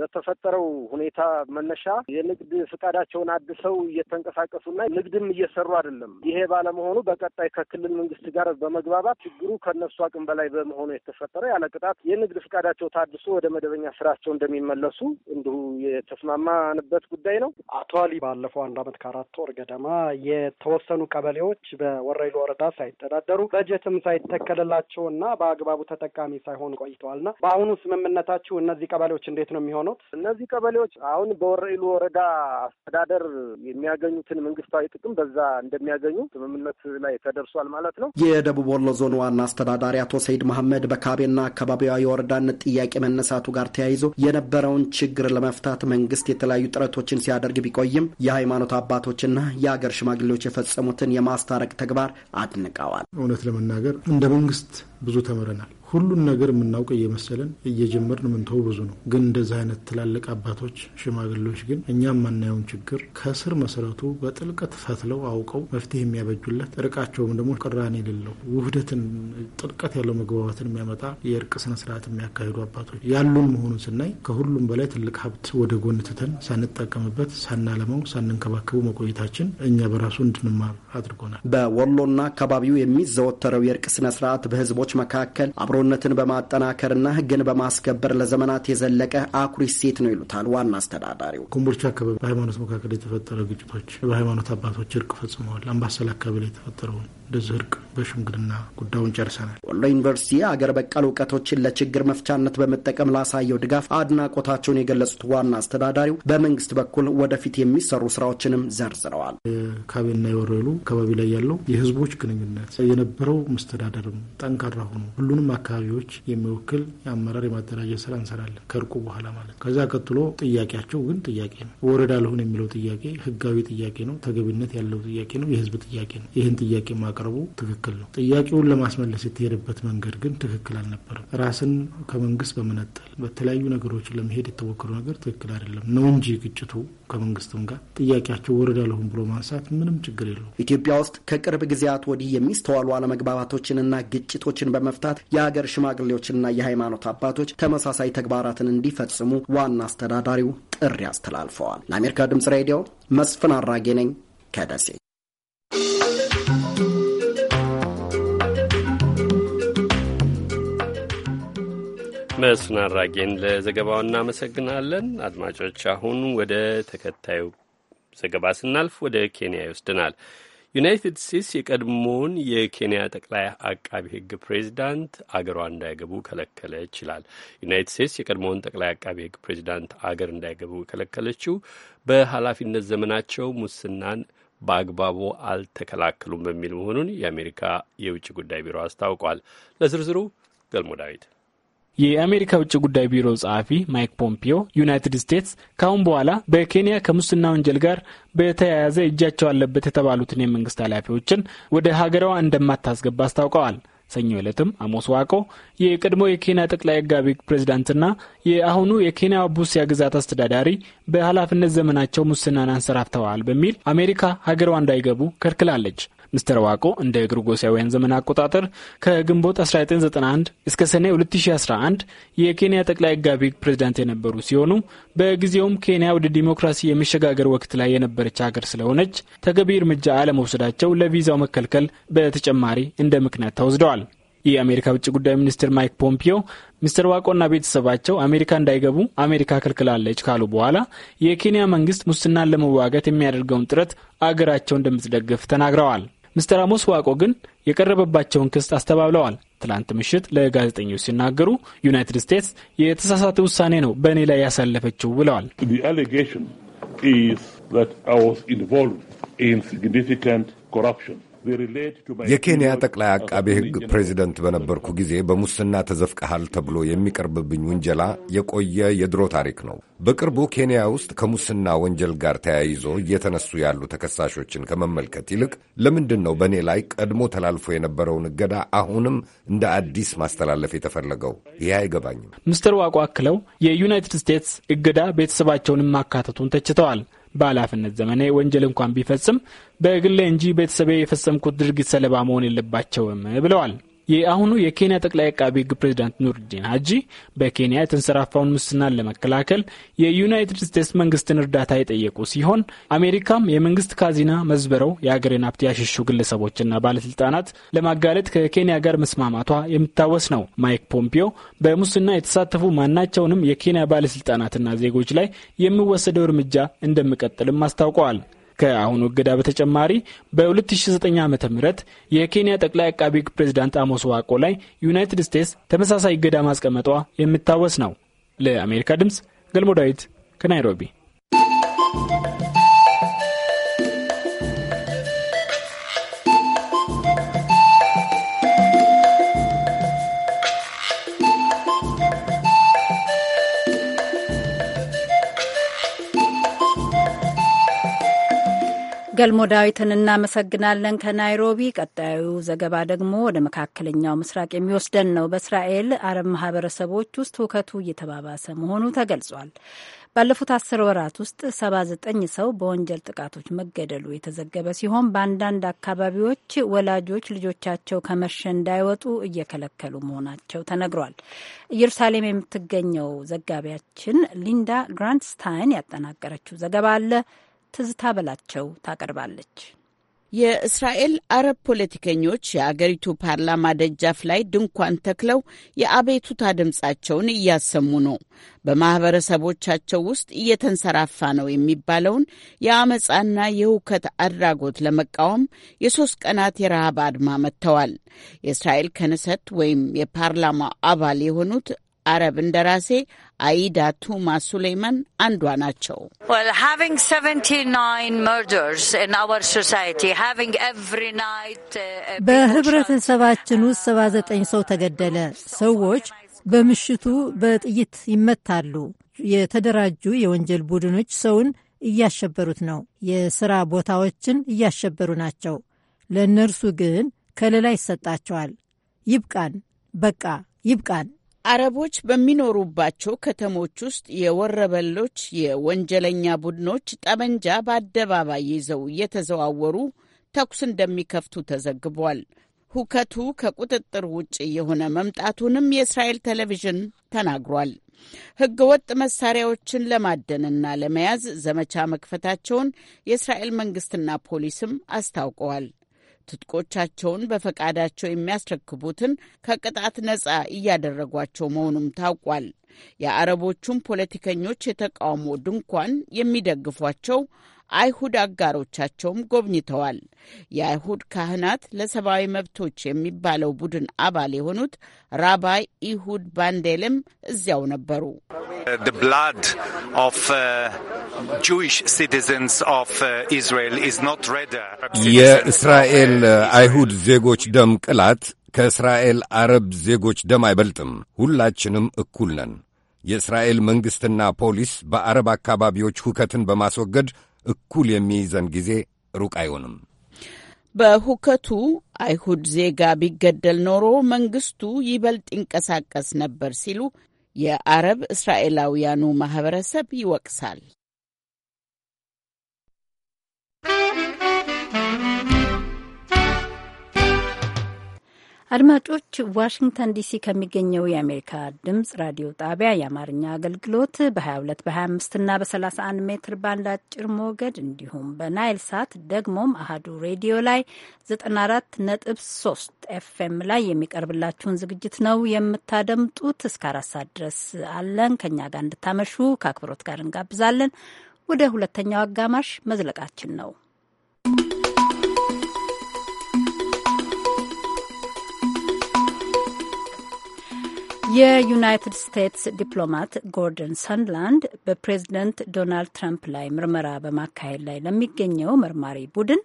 በተፈጠረው ሁኔታ መነሻ የንግድ ፍቃድ ፈቃዳቸውን አድሰው እየተንቀሳቀሱና ንግድም እየሰሩ አይደለም። ይሄ ባለመሆኑ በቀጣይ ከክልል መንግስት ጋር በመግባባት ችግሩ ከነሱ አቅም በላይ በመሆኑ የተፈጠረ ያለ ቅጣት የንግድ ፈቃዳቸው ታድሶ ወደ መደበኛ ስራቸው እንደሚመለሱ እንዲሁ የተስማማንበት ጉዳይ ነው።
አቶ አሊ ባለፈው አንድ አመት ከአራት ወር ገደማ የተወሰኑ ቀበሌዎች በወረይሉ ወረዳ ሳይተዳደሩ በጀትም ሳይተከልላቸው እና በአግባቡ ተጠቃሚ ሳይሆን ቆይተዋልና በአሁኑ ስምምነታችሁ እነዚህ ቀበሌዎች እንዴት ነው የሚሆኑት?
እነዚህ ቀበሌዎች አሁን በወረይሉ ወረዳ አስተዳደር የሚያገኙትን መንግስታዊ ጥቅም በዛ እንደሚያገኙ ስምምነት ላይ ተደርሷል
ማለት ነው። የደቡብ ወሎ ዞን ዋና አስተዳዳሪ አቶ ሰይድ መሐመድ በካቤና አካባቢዋ የወረዳነት ጥያቄ መነሳቱ ጋር ተያይዞ የነበረውን ችግር ለመፍታት መንግስት የተለያዩ ጥረቶችን ሲያደርግ ቢቆይም የሃይማኖት አባቶችና የአገር ሽማግሌዎች የፈጸሙትን የማስታረቅ ተግባር አድንቀዋል።
እውነት ለመናገር እንደ መንግስት ብዙ ተምረናል። ሁሉን ነገር የምናውቅ እየመሰለን እየጀመርን ምንተው ብዙ ነው። ግን እንደዚህ አይነት ትላልቅ አባቶች፣ ሽማግሌዎች ግን እኛም የማናየውን ችግር ከስር መሰረቱ በጥልቀት ፈትለው አውቀው መፍትሄ የሚያበጁለት እርቃቸውም ደግሞ ቅራኔ የሌለው ውህደትን፣ ጥልቀት ያለው መግባባትን የሚያመጣ የእርቅ ስነስርዓት የሚያካሂዱ አባቶች ያሉን መሆኑን ስናይ ከሁሉም በላይ ትልቅ ሀብት ወደ ጎን ትተን ሳንጠቀምበት፣ ሳናለማው፣ ሳንንከባከቡ መቆየታችን እኛ በራሱ እንድንማር አድርጎናል።
በወሎና አካባቢው የሚዘወተረው የእርቅ ስነስርዓት በህዝቦች መካከል አብሮነትን በማጠናከርና ህግን በማስከበር ለዘመናት የዘለቀ አኩሪ ሴት ነው ይሉታል ዋና አስተዳዳሪው።
ኮምቦልቻ አካባቢ በሃይማኖት መካከል የተፈጠረ ግጭቶች በሃይማኖት አባቶች እርቅ ፈጽመዋል። አምባሰል አካባቢ ላይ የተፈጠረውን እንደዚህ እርቅ በሽምግልና ጉዳዩን ጨርሰናል።
ወሎ ዩኒቨርሲቲ አገር በቀል እውቀቶችን ለችግር መፍቻነት በመጠቀም ላሳየው ድጋፍ አድናቆታቸውን የገለጹት ዋና አስተዳዳሪው በመንግስት በኩል ወደፊት የሚሰሩ ስራዎችንም ዘርዝረዋል።
ካቤና የወረሉ አካባቢ ላይ ያለው የህዝቦች ግንኙነት የነበረው መስተዳደርም ጠንካራ ሆኖ ሁሉንም አካባቢዎች የሚወክል የአመራር የማደራጀት ስራ እንሰራለን። ከእርቁ በኋላ ማለት ከዛ ቀጥሎ ጥያቄያቸው ግን ጥያቄ ነው። ወረዳ ልሁን የሚለው ጥያቄ ህጋዊ ጥያቄ ነው። ተገቢነት ያለው ጥያቄ ነው። የህዝብ ጥያቄ ነው። ይህን ጥያቄ ማ ማቅረቡ ትክክል ነው። ጥያቄውን ለማስመለስ የተሄደበት መንገድ ግን ትክክል አልነበረም። ራስን ከመንግስት በመነጠል በተለያዩ ነገሮችን ለመሄድ የተሞከረው ነገር ትክክል አይደለም ነው እንጂ ግጭቱ ከመንግስትም ጋር ጥያቄያቸው ወረዳ ለሁም ብሎ ማንሳት ምንም ችግር የለው
ኢትዮጵያ ውስጥ ከቅርብ ጊዜያት ወዲህ የሚስተዋሉ አለመግባባቶችንና ግጭቶችን በመፍታት የሀገር ሽማግሌዎችና የሃይማኖት አባቶች ተመሳሳይ ተግባራትን እንዲፈጽሙ ዋና አስተዳዳሪው ጥሪ አስተላልፈዋል። ለአሜሪካ ድምጽ ሬዲዮ መስፍን አራጌ ነኝ ከደሴ።
መስፍን አራጌን ለዘገባው እናመሰግናለን። አድማጮች፣ አሁን ወደ ተከታዩ ዘገባ ስናልፍ ወደ ኬንያ ይወስድናል። ዩናይትድ ስቴትስ የቀድሞውን የኬንያ ጠቅላይ አቃቢ ሕግ ፕሬዚዳንት አገሯ እንዳይገቡ ከለከለች ይላል። ዩናይትድ ስቴትስ የቀድሞውን ጠቅላይ አቃቢ ሕግ ፕሬዚዳንት አገር እንዳይገቡ ከለከለችው በኃላፊነት ዘመናቸው ሙስናን በአግባቡ አልተከላከሉም በሚል መሆኑን የአሜሪካ የውጭ ጉዳይ ቢሮ አስታውቋል። ለዝርዝሩ ገልሞ ዳዊት
የአሜሪካ ውጭ ጉዳይ ቢሮ ጸሐፊ ማይክ ፖምፒዮ ዩናይትድ ስቴትስ ከአሁን በኋላ በኬንያ ከሙስና ወንጀል ጋር በተያያዘ እጃቸው አለበት የተባሉትን የመንግስት ኃላፊዎችን ወደ ሀገሯ እንደማታስገባ አስታውቀዋል። ሰኞ ዕለትም አሞስ ዋቆ የቀድሞ የኬንያ ጠቅላይ አጋቢ ፕሬዚዳንትና የአሁኑ የኬንያ ቡስያ ግዛት አስተዳዳሪ በኃላፊነት ዘመናቸው ሙስናን አንሰራፍተዋል በሚል አሜሪካ ሀገሯ እንዳይገቡ ከልክላለች። ሚስተር ዋቆ እንደ ግሪጎሳውያን ዘመን አቆጣጠር ከግንቦት 1991 እስከ ሰኔ 2011 የኬንያ ጠቅላይ አጋቢ ፕሬዚዳንት የነበሩ ሲሆኑ በጊዜውም ኬንያ ወደ ዲሞክራሲ የመሸጋገር ወቅት ላይ የነበረች ሀገር ስለሆነች ተገቢ እርምጃ አለመውሰዳቸው ለቪዛው መከልከል በተጨማሪ እንደ ምክንያት ተወስደዋል። የአሜሪካ ውጭ ጉዳይ ሚኒስትር ማይክ ፖምፒዮ ሚስተር ዋቆና ቤተሰባቸው አሜሪካ እንዳይገቡ አሜሪካ ከልክላለች ካሉ በኋላ የኬንያ መንግስት ሙስናን ለመዋጋት የሚያደርገውን ጥረት አገራቸው እንደምትደግፍ ተናግረዋል። ምስተር አሞስ ዋቆ ግን የቀረበባቸውን ክስት አስተባብለዋል። ትላንት ምሽት ለጋዜጠኞች ሲናገሩ ዩናይትድ ስቴትስ የተሳሳተ ውሳኔ ነው በእኔ ላይ ያሳለፈችው ብለዋል። የኬንያ
ጠቅላይ አቃቤ ሕግ ፕሬዚደንት በነበርኩ ጊዜ በሙስና ተዘፍቀሃል ተብሎ የሚቀርብብኝ ውንጀላ የቆየ የድሮ ታሪክ ነው። በቅርቡ ኬንያ ውስጥ ከሙስና ወንጀል ጋር ተያይዞ እየተነሱ ያሉ ተከሳሾችን ከመመልከት ይልቅ ለምንድን ነው በእኔ ላይ ቀድሞ ተላልፎ የነበረውን እገዳ አሁንም እንደ አዲስ ማስተላለፍ የተፈለገው? ይህ አይገባኝም።
ሚስተር ዋቆ አክለው የዩናይትድ ስቴትስ እገዳ ቤተሰባቸውንም ማካተቱን ተችተዋል። በኃላፊነት ዘመኔ ወንጀል እንኳን ቢፈጽም በግሌ እንጂ ቤተሰቤ የፈጸምኩት ድርጊት ሰለባ መሆን የለባቸውም ብለዋል። የአሁኑ የኬንያ ጠቅላይ አቃቢ ህግ ፕሬዚዳንት ኑርዲን ሀጂ በኬንያ የተንሰራፋውን ሙስናን ለመከላከል የዩናይትድ ስቴትስ መንግስትን እርዳታ የጠየቁ ሲሆን አሜሪካም የመንግስት ካዚና መዝበረው የአገሬን ሀብት ያሸሹ ግለሰቦችና ባለስልጣናት ለማጋለጥ ከኬንያ ጋር መስማማቷ የሚታወስ ነው። ማይክ ፖምፒዮ በሙስና የተሳተፉ ማናቸውንም የኬንያ ባለስልጣናትና ዜጎች ላይ የሚወሰደው እርምጃ እንደሚቀጥልም አስታውቀዋል። ከአሁኑ እገዳ በተጨማሪ በ2009 ዓ ም የኬንያ ጠቅላይ አቃቢ ሕግ ፕሬዚዳንት አሞስ ዋቆ ላይ ዩናይትድ ስቴትስ ተመሳሳይ እገዳ ማስቀመጧ የሚታወስ ነው። ለአሜሪካ ድምፅ ገልሞ ዳዊት ከናይሮቢ
ገልሞ ዳዊትን እናመሰግናለን ከናይሮቢ። ቀጣዩ ዘገባ ደግሞ ወደ መካከለኛው ምስራቅ የሚወስደን ነው። በእስራኤል አረብ ማህበረሰቦች ውስጥ ሁከቱ እየተባባሰ መሆኑ ተገልጿል። ባለፉት አስር ወራት ውስጥ ዘጠኝ ሰው በወንጀል ጥቃቶች መገደሉ የተዘገበ ሲሆን በአንዳንድ አካባቢዎች ወላጆች ልጆቻቸው ከመሸ እንዳይወጡ እየከለከሉ መሆናቸው ተነግሯል። ኢየሩሳሌም የምትገኘው ዘጋቢያችን ሊንዳ ግራንድስታይን ያጠናቀረችው ዘገባ አለ ትዝታ በላቸው ታቀርባለች።
የእስራኤል አረብ ፖለቲከኞች የአገሪቱ ፓርላማ ደጃፍ ላይ ድንኳን ተክለው የአቤቱታ ድምፃቸውን እያሰሙ ነው። በማኅበረሰቦቻቸው ውስጥ እየተንሰራፋ ነው የሚባለውን የአመፃና የሁከት አድራጎት ለመቃወም የሦስት ቀናት የረሃብ አድማ መጥተዋል። የእስራኤል ከነሰት ወይም የፓርላማ አባል የሆኑት አረብ እንደራሴ አይዳ ቱማ ሱሌይማን አንዷ ናቸው።
uh,
በህብረተሰባችን ውስጥ 79 ሰው ተገደለ። ሰዎች በምሽቱ በጥይት ይመታሉ። የተደራጁ የወንጀል ቡድኖች ሰውን እያሸበሩት ነው። የሥራ ቦታዎችን እያሸበሩ ናቸው። ለእነርሱ ግን ከለላ ይሰጣቸዋል። ይብቃን፣ በቃ ይብቃን።
አረቦች በሚኖሩባቸው ከተሞች ውስጥ የወረበሎች የወንጀለኛ ቡድኖች ጠመንጃ በአደባባይ ይዘው እየተዘዋወሩ ተኩስ እንደሚከፍቱ ተዘግቧል። ሁከቱ ከቁጥጥር ውጭ የሆነ መምጣቱንም የእስራኤል ቴሌቪዥን ተናግሯል። ወጥ መሳሪያዎችን ለማደንና ለመያዝ ዘመቻ መክፈታቸውን የእስራኤል መንግስትና ፖሊስም አስታውቀዋል። ትጥቆቻቸውን በፈቃዳቸው የሚያስረክቡትን ከቅጣት ነጻ እያደረጓቸው መሆኑም ታውቋል። የአረቦቹም ፖለቲከኞች የተቃውሞ ድንኳን የሚደግፏቸው አይሁድ አጋሮቻቸውም ጎብኝተዋል። የአይሁድ ካህናት ለሰብአዊ መብቶች የሚባለው ቡድን አባል የሆኑት ራባይ ኢሁድ ባንዴልም እዚያው ነበሩ።
uh, uh, የእስራኤል አይሁድ ዜጎች ደም ቅላት ከእስራኤል አረብ ዜጎች ደም አይበልጥም። ሁላችንም እኩል ነን። የእስራኤል መንግሥትና ፖሊስ በአረብ አካባቢዎች ሁከትን በማስወገድ እኩል የሚይዘን ጊዜ ሩቅ አይሆንም።
በሁከቱ አይሁድ ዜጋ ቢገደል ኖሮ መንግስቱ ይበልጥ ይንቀሳቀስ ነበር ሲሉ የአረብ እስራኤላውያኑ ማህበረሰብ ይወቅሳል።
አድማጮች ዋሽንግተን ዲሲ ከሚገኘው የአሜሪካ ድምፅ ራዲዮ ጣቢያ የአማርኛ አገልግሎት በ22 በ25 እና በ31 ሜትር ባንድ አጭር ሞገድ እንዲሁም በናይል ሳት ደግሞም አህዱ ሬዲዮ ላይ 94 ነጥብ 3 ኤፍኤም ላይ የሚቀርብላችሁን ዝግጅት ነው የምታደምጡት። እስከ አራት ሰዓት ድረስ አለን። ከእኛ ጋር እንድታመሹ ከአክብሮት ጋር እንጋብዛለን። ወደ ሁለተኛው አጋማሽ መዝለቃችን ነው። የዩናይትድ ስቴትስ ዲፕሎማት ጎርደን ሰንላንድ በፕሬዝደንት ዶናልድ ትራምፕ ላይ ምርመራ በማካሄድ ላይ ለሚገኘው መርማሪ ቡድን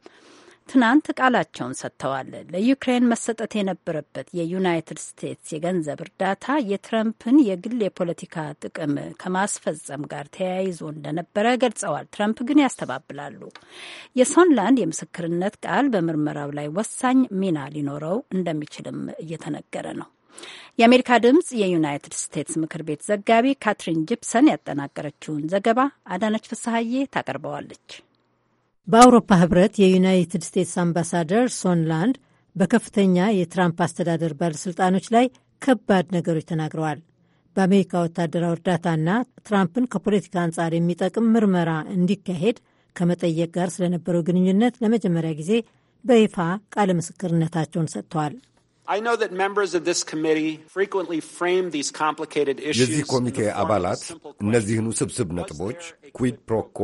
ትናንት ቃላቸውን ሰጥተዋል። ለዩክሬን መሰጠት የነበረበት የዩናይትድ ስቴትስ የገንዘብ እርዳታ የትረምፕን የግል የፖለቲካ ጥቅም ከማስፈጸም ጋር ተያይዞ እንደነበረ ገልጸዋል። ትረምፕ ግን ያስተባብላሉ። የሶንላንድ የምስክርነት ቃል በምርመራው ላይ ወሳኝ ሚና ሊኖረው እንደሚችልም እየተነገረ ነው። የአሜሪካ ድምፅ የዩናይትድ ስቴትስ ምክር ቤት ዘጋቢ ካትሪን ጂፕሰን ያጠናቀረችውን ዘገባ አዳነች ፍስሐዬ ታቀርበዋለች።
በአውሮፓ ህብረት የዩናይትድ ስቴትስ አምባሳደር ሶንላንድ በከፍተኛ የትራምፕ አስተዳደር ባለሥልጣኖች ላይ ከባድ ነገሮች ተናግረዋል። በአሜሪካ ወታደራዊ እርዳታና ትራምፕን ከፖለቲካ አንጻር የሚጠቅም ምርመራ እንዲካሄድ ከመጠየቅ ጋር ስለነበረው ግንኙነት ለመጀመሪያ ጊዜ በይፋ ቃለ ምስክርነታቸውን ሰጥተዋል።
የዚህ ኮሚቴ
አባላት እነዚህን ውስብስብ ነጥቦች ኩዊድ ፕሮኮ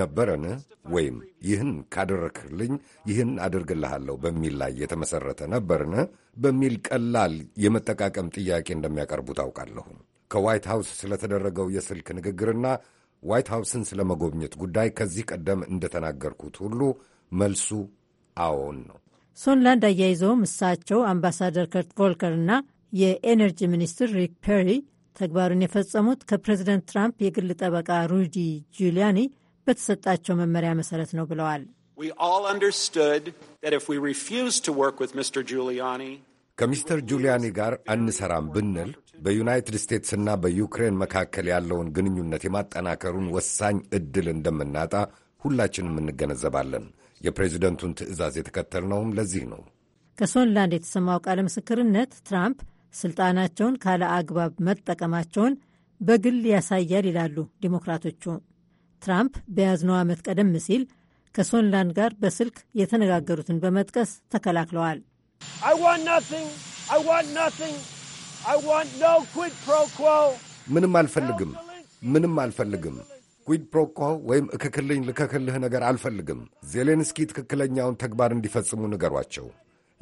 ነበረን ወይም ይህን ካደረክልኝ ይህን አድርግልሃለሁ በሚል ላይ የተመሠረተ ነበርን በሚል ቀላል የመጠቃቀም ጥያቄ እንደሚያቀርቡ ታውቃለሁ። ከዋይት ሃውስ ስለተደረገው የስልክ ንግግርና ዋይት ሃውስን ስለመጎብኘት ጉዳይ ከዚህ ቀደም እንደተናገርኩት ሁሉ መልሱ አዎን ነው።
ሶንላንድ አያይዘውም እሳቸው አምባሳደር ከርት ቮልከር እና የኤነርጂ ሚኒስትር ሪክ ፔሪ ተግባሩን የፈጸሙት ከፕሬዚደንት ትራምፕ የግል ጠበቃ ሩዲ ጁሊያኒ በተሰጣቸው መመሪያ መሰረት ነው ብለዋል።
ከሚስተር ጁሊያኒ ጋር አንሰራም ብንል በዩናይትድ ስቴትስና በዩክሬን መካከል ያለውን ግንኙነት የማጠናከሩን ወሳኝ ዕድል እንደምናጣ ሁላችንም እንገነዘባለን። የፕሬዚደንቱን ትዕዛዝ የተከተልነውም ለዚህ ነው።
ከሶንላንድ የተሰማው ቃለ ምስክርነት ትራምፕ ስልጣናቸውን ካለ አግባብ መጠቀማቸውን በግል ያሳያል ይላሉ ዲሞክራቶቹ። ትራምፕ በያዝነው ዓመት ቀደም ሲል ከሶንላንድ ጋር በስልክ የተነጋገሩትን በመጥቀስ ተከላክለዋል።
ምንም አልፈልግም፣ ምንም አልፈልግም ኩድ ፕሮኮ ወይም እክክልኝ ልከክልህ ነገር አልፈልግም። ዜሌንስኪ ትክክለኛውን ተግባር እንዲፈጽሙ ንገሯቸው።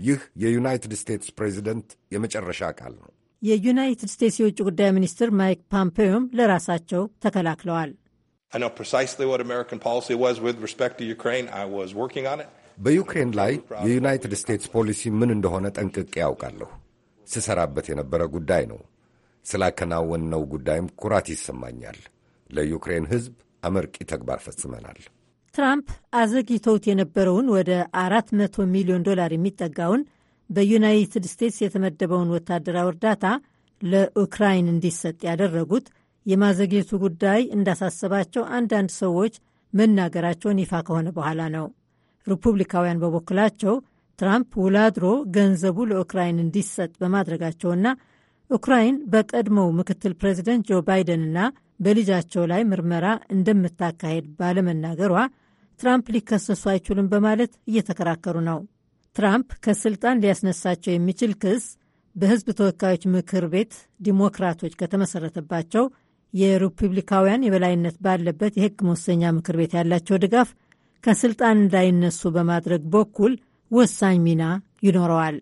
ይህ የዩናይትድ ስቴትስ ፕሬዚደንት የመጨረሻ ቃል ነው።
የዩናይትድ ስቴትስ የውጭ ጉዳይ ሚኒስትር ማይክ ፖምፔዮም ለራሳቸው ተከላክለዋል።
በዩክሬን ላይ የዩናይትድ ስቴትስ ፖሊሲ ምን እንደሆነ ጠንቅቄ ያውቃለሁ። ስሰራበት የነበረ ጉዳይ ነው። ስላከናወንነው ጉዳይም ኩራት ይሰማኛል። ለዩክሬን ሕዝብ አመርቂ ተግባር ፈጽመናል።
ትራምፕ አዘግይተውት የነበረውን ወደ 400 ሚሊዮን ዶላር የሚጠጋውን በዩናይትድ ስቴትስ የተመደበውን ወታደራዊ እርዳታ ለኡክራይን እንዲሰጥ ያደረጉት የማዘግየቱ ጉዳይ እንዳሳሰባቸው አንዳንድ ሰዎች መናገራቸውን ይፋ ከሆነ በኋላ ነው። ሪፑብሊካውያን በበኩላቸው ትራምፕ ውላድሮ ገንዘቡ ለኡክራይን እንዲሰጥ በማድረጋቸውና ኡክራይን በቀድሞው ምክትል ፕሬዚደንት ጆ ባይደንና በልጃቸው ላይ ምርመራ እንደምታካሄድ ባለመናገሯ ትራምፕ ሊከሰሱ አይችሉም በማለት እየተከራከሩ ነው። ትራምፕ ከስልጣን ሊያስነሳቸው የሚችል ክስ በሕዝብ ተወካዮች ምክር ቤት ዲሞክራቶች ከተመሰረተባቸው የሪፑብሊካውያን የበላይነት ባለበት የሕግ መወሰኛ ምክር ቤት ያላቸው ድጋፍ ከስልጣን እንዳይነሱ በማድረግ በኩል ወሳኝ ሚና ይኖረዋል።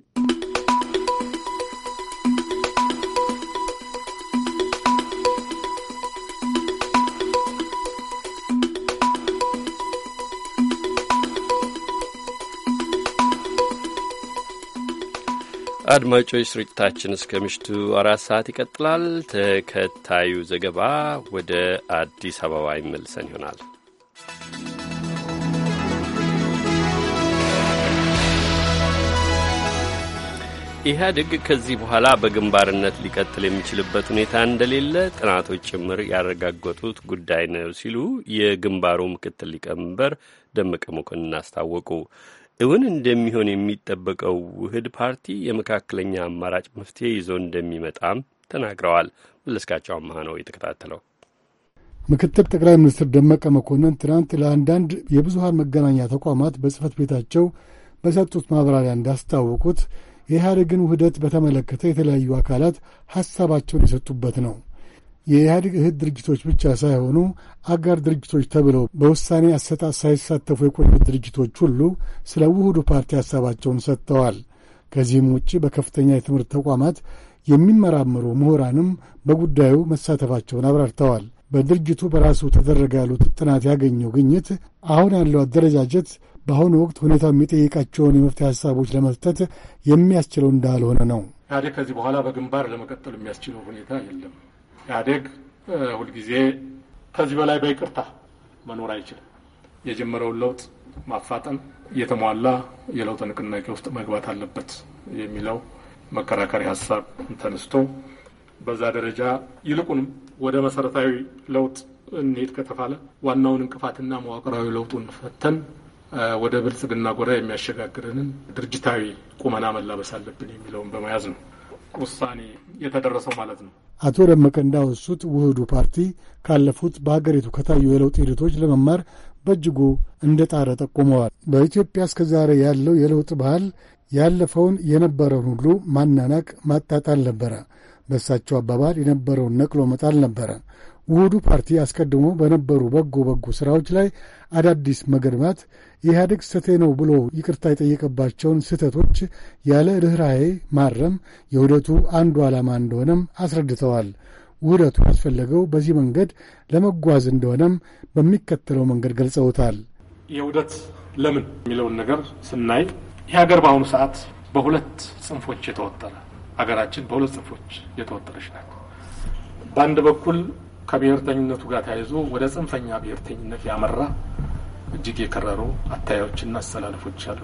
አድማጮች ስርጭታችን እስከ ምሽቱ አራት ሰዓት ይቀጥላል። ተከታዩ ዘገባ ወደ አዲስ አበባ ይመልሰን ይሆናል። ኢህአዴግ ከዚህ በኋላ በግንባርነት ሊቀጥል የሚችልበት ሁኔታ እንደሌለ ጥናቶች ጭምር ያረጋገጡት ጉዳይ ነው ሲሉ የግንባሩ ምክትል ሊቀመንበር ደመቀ መኮንን አስታወቁ። እውን እንደሚሆን የሚጠበቀው ውህድ ፓርቲ የመካከለኛ አማራጭ መፍትሄ ይዞ እንደሚመጣም ተናግረዋል። መለስካቸው አመሃ ነው የተከታተለው።
ምክትል ጠቅላይ ሚኒስትር ደመቀ መኮንን ትናንት ለአንዳንድ የብዙሀን መገናኛ ተቋማት በጽህፈት ቤታቸው በሰጡት ማብራሪያ እንዳስታወቁት የኢህአዴግን ውህደት በተመለከተ የተለያዩ አካላት ሐሳባቸውን የሰጡበት ነው። የኢህአዴግ እህት ድርጅቶች ብቻ ሳይሆኑ አጋር ድርጅቶች ተብለው በውሳኔ አሰጣጥ ሳይሳተፉ የቆዩት ድርጅቶች ሁሉ ስለ ውህዱ ፓርቲ ሐሳባቸውን ሰጥተዋል። ከዚህም ውጭ በከፍተኛ የትምህርት ተቋማት የሚመራመሩ ምሁራንም በጉዳዩ መሳተፋቸውን አብራርተዋል። በድርጅቱ በራሱ ተደረገ ያሉት ጥናት ያገኘው ግኝት አሁን ያለው አደረጃጀት በአሁኑ ወቅት ሁኔታው የሚጠይቃቸውን የመፍትሄ ሀሳቦች ለመስጠት የሚያስችለው እንዳልሆነ ነው።
ኢህአዴግ ከዚህ በኋላ በግንባር ለመቀጠል የሚያስችለው ሁኔታ የለም። ኢህአዴግ ሁልጊዜ ከዚህ በላይ በይቅርታ መኖር አይችልም። የጀመረውን ለውጥ ማፋጠን፣ የተሟላ የለውጥ ንቅናቄ ውስጥ መግባት አለበት የሚለው መከራከሪ ሀሳብ ተነስቶ በዛ ደረጃ ይልቁንም ወደ መሰረታዊ ለውጥ እንሄድ ከተፋለ ዋናውን እንቅፋትና መዋቅራዊ ለውጡን ፈተን ወደ ብልጽግና ጎራ የሚያሸጋግረንን ድርጅታዊ ቁመና መላበስ አለብን የሚለውን በመያዝ ነው። ውሳኔ የተደረሰው ማለት ነው።
አቶ ደመቀ እንዳወሱት ውህዱ ፓርቲ ካለፉት በሀገሪቱ ከታዩ የለውጥ ሂደቶች ለመማር በእጅጉ እንደ ጣረ ጠቁመዋል። በኢትዮጵያ እስከ ዛሬ ያለው የለውጥ ባህል ያለፈውን የነበረውን ሁሉ ማናናቅ ማጣጣል ነበረ። በእሳቸው አባባል የነበረውን ነቅሎ መጣል ነበረ። ውህዱ ፓርቲ አስቀድሞ በነበሩ በጎ በጎ ሥራዎች ላይ አዳዲስ መገድማት የኢህአዴግ ስህተቴ ነው ብሎ ይቅርታ የጠየቀባቸውን ስህተቶች ያለ ርኅራኄ ማረም የውህደቱ አንዱ ዓላማ እንደሆነም አስረድተዋል። ውህደቱ ያስፈለገው በዚህ መንገድ ለመጓዝ እንደሆነም በሚከተለው መንገድ ገልጸውታል።
የውህደት ለምን የሚለውን ነገር ስናይ ይህ ሀገር በአሁኑ ሰዓት በሁለት ጽንፎች የተወጠረ ሀገራችን በሁለት ጽንፎች የተወጠረች ናት። በአንድ በኩል ከብሔርተኝነቱ ጋር ተያይዞ ወደ ጽንፈኛ ብሔርተኝነት ያመራ እጅግ የከረሩ አታያዮችና አሰላለፎች አሉ።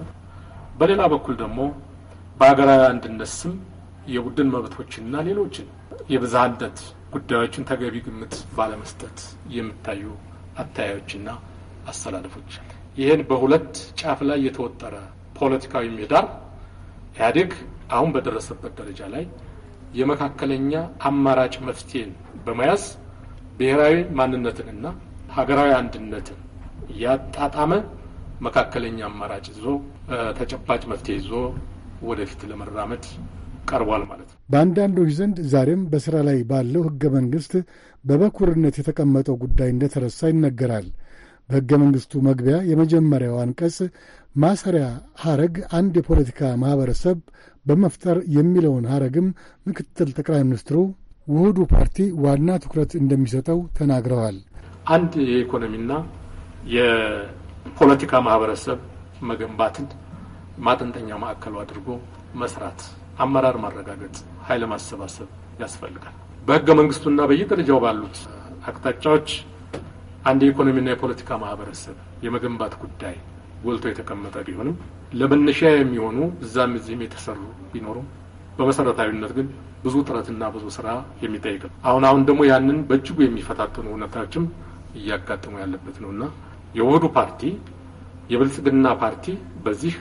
በሌላ በኩል ደግሞ በሀገራዊ አንድነት ስም የቡድን መብቶችና ሌሎችን የብዝሃነት ጉዳዮችን ተገቢ ግምት ባለመስጠት የሚታዩ አታያዮችና አሰላለፎች አሉ። ይህን በሁለት ጫፍ ላይ የተወጠረ ፖለቲካዊ ምህዳር ኢህአዴግ አሁን በደረሰበት ደረጃ ላይ የመካከለኛ አማራጭ መፍትሄን በመያዝ ብሔራዊ ማንነትንና ሀገራዊ አንድነትን ያጣጣመ መካከለኛ አማራጭ ይዞ ተጨባጭ መፍትሄ ይዞ ወደፊት ለመራመድ ቀርቧል ማለት ነው።
በአንዳንዶች ዘንድ ዛሬም በስራ ላይ ባለው ህገ መንግስት በበኩርነት የተቀመጠው ጉዳይ እንደተረሳ ይነገራል። በሕገ መንግሥቱ መግቢያ የመጀመሪያው አንቀጽ ማሰሪያ ሐረግ አንድ የፖለቲካ ማኅበረሰብ በመፍጠር የሚለውን ሐረግም ምክትል ጠቅላይ ሚኒስትሩ ውህዱ ፓርቲ ዋና ትኩረት እንደሚሰጠው ተናግረዋል።
አንድ የኢኮኖሚና የፖለቲካ ማህበረሰብ መገንባትን ማጠንጠኛ ማዕከሉ አድርጎ መስራት፣ አመራር ማረጋገጥ፣ ኃይል ማሰባሰብ ያስፈልጋል። በህገ መንግስቱና በየደረጃው ባሉት አቅጣጫዎች አንድ የኢኮኖሚና የፖለቲካ ማህበረሰብ የመገንባት ጉዳይ ጎልቶ የተቀመጠ ቢሆንም ለመነሻ የሚሆኑ እዛም እዚህም የተሰሩ ቢኖሩም በመሰረታዊነት ግን ብዙ ጥረትና ብዙ ስራ የሚጠይቅ ነው። አሁን አሁን ደግሞ ያንን በእጅጉ የሚፈታተኑ እውነታችም እያጋጠሙ ያለበት ነው እና የውህዱ ፓርቲ የብልጽግና ፓርቲ በዚህ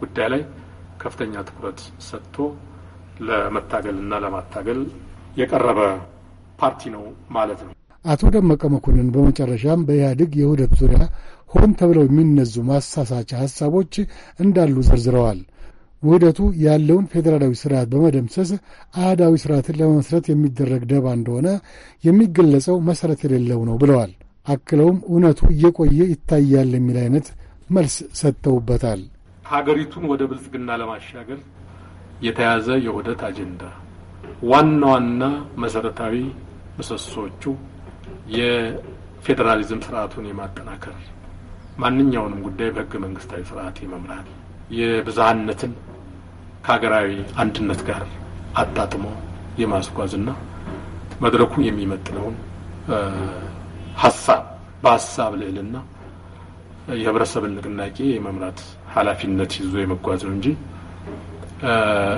ጉዳይ ላይ ከፍተኛ ትኩረት ሰጥቶ ለመታገልና ለማታገል የቀረበ ፓርቲ ነው ማለት ነው።
አቶ ደመቀ መኮንን በመጨረሻም በኢህአዴግ የውህደት ዙሪያ ሆን ተብለው የሚነዙ ማሳሳቻ ሀሳቦች እንዳሉ ዘርዝረዋል። ውህደቱ ያለውን ፌዴራላዊ ስርዓት በመደምሰስ አህዳዊ ስርዓትን ለመመስረት የሚደረግ ደባ እንደሆነ የሚገለጸው መሠረት የሌለው ነው ብለዋል። አክለውም እውነቱ እየቆየ ይታያል የሚል አይነት መልስ ሰጥተውበታል።
ሀገሪቱን ወደ ብልጽግና ለማሻገር የተያዘ የውህደት አጀንዳ ዋና ዋና መሠረታዊ ምሰሶቹ የፌዴራሊዝም ስርዓቱን የማጠናከር ማንኛውንም ጉዳይ በህገ መንግስታዊ ስርዓት የመምራት የብዝሃነትን ከሀገራዊ አንድነት ጋር አጣጥሞ የማስጓዝና መድረኩ የሚመጥነውን ሀሳብ በሀሳብ ልዕልና የህብረተሰብን ንቅናቄ የመምራት ኃላፊነት ይዞ የመጓዝ ነው እንጂ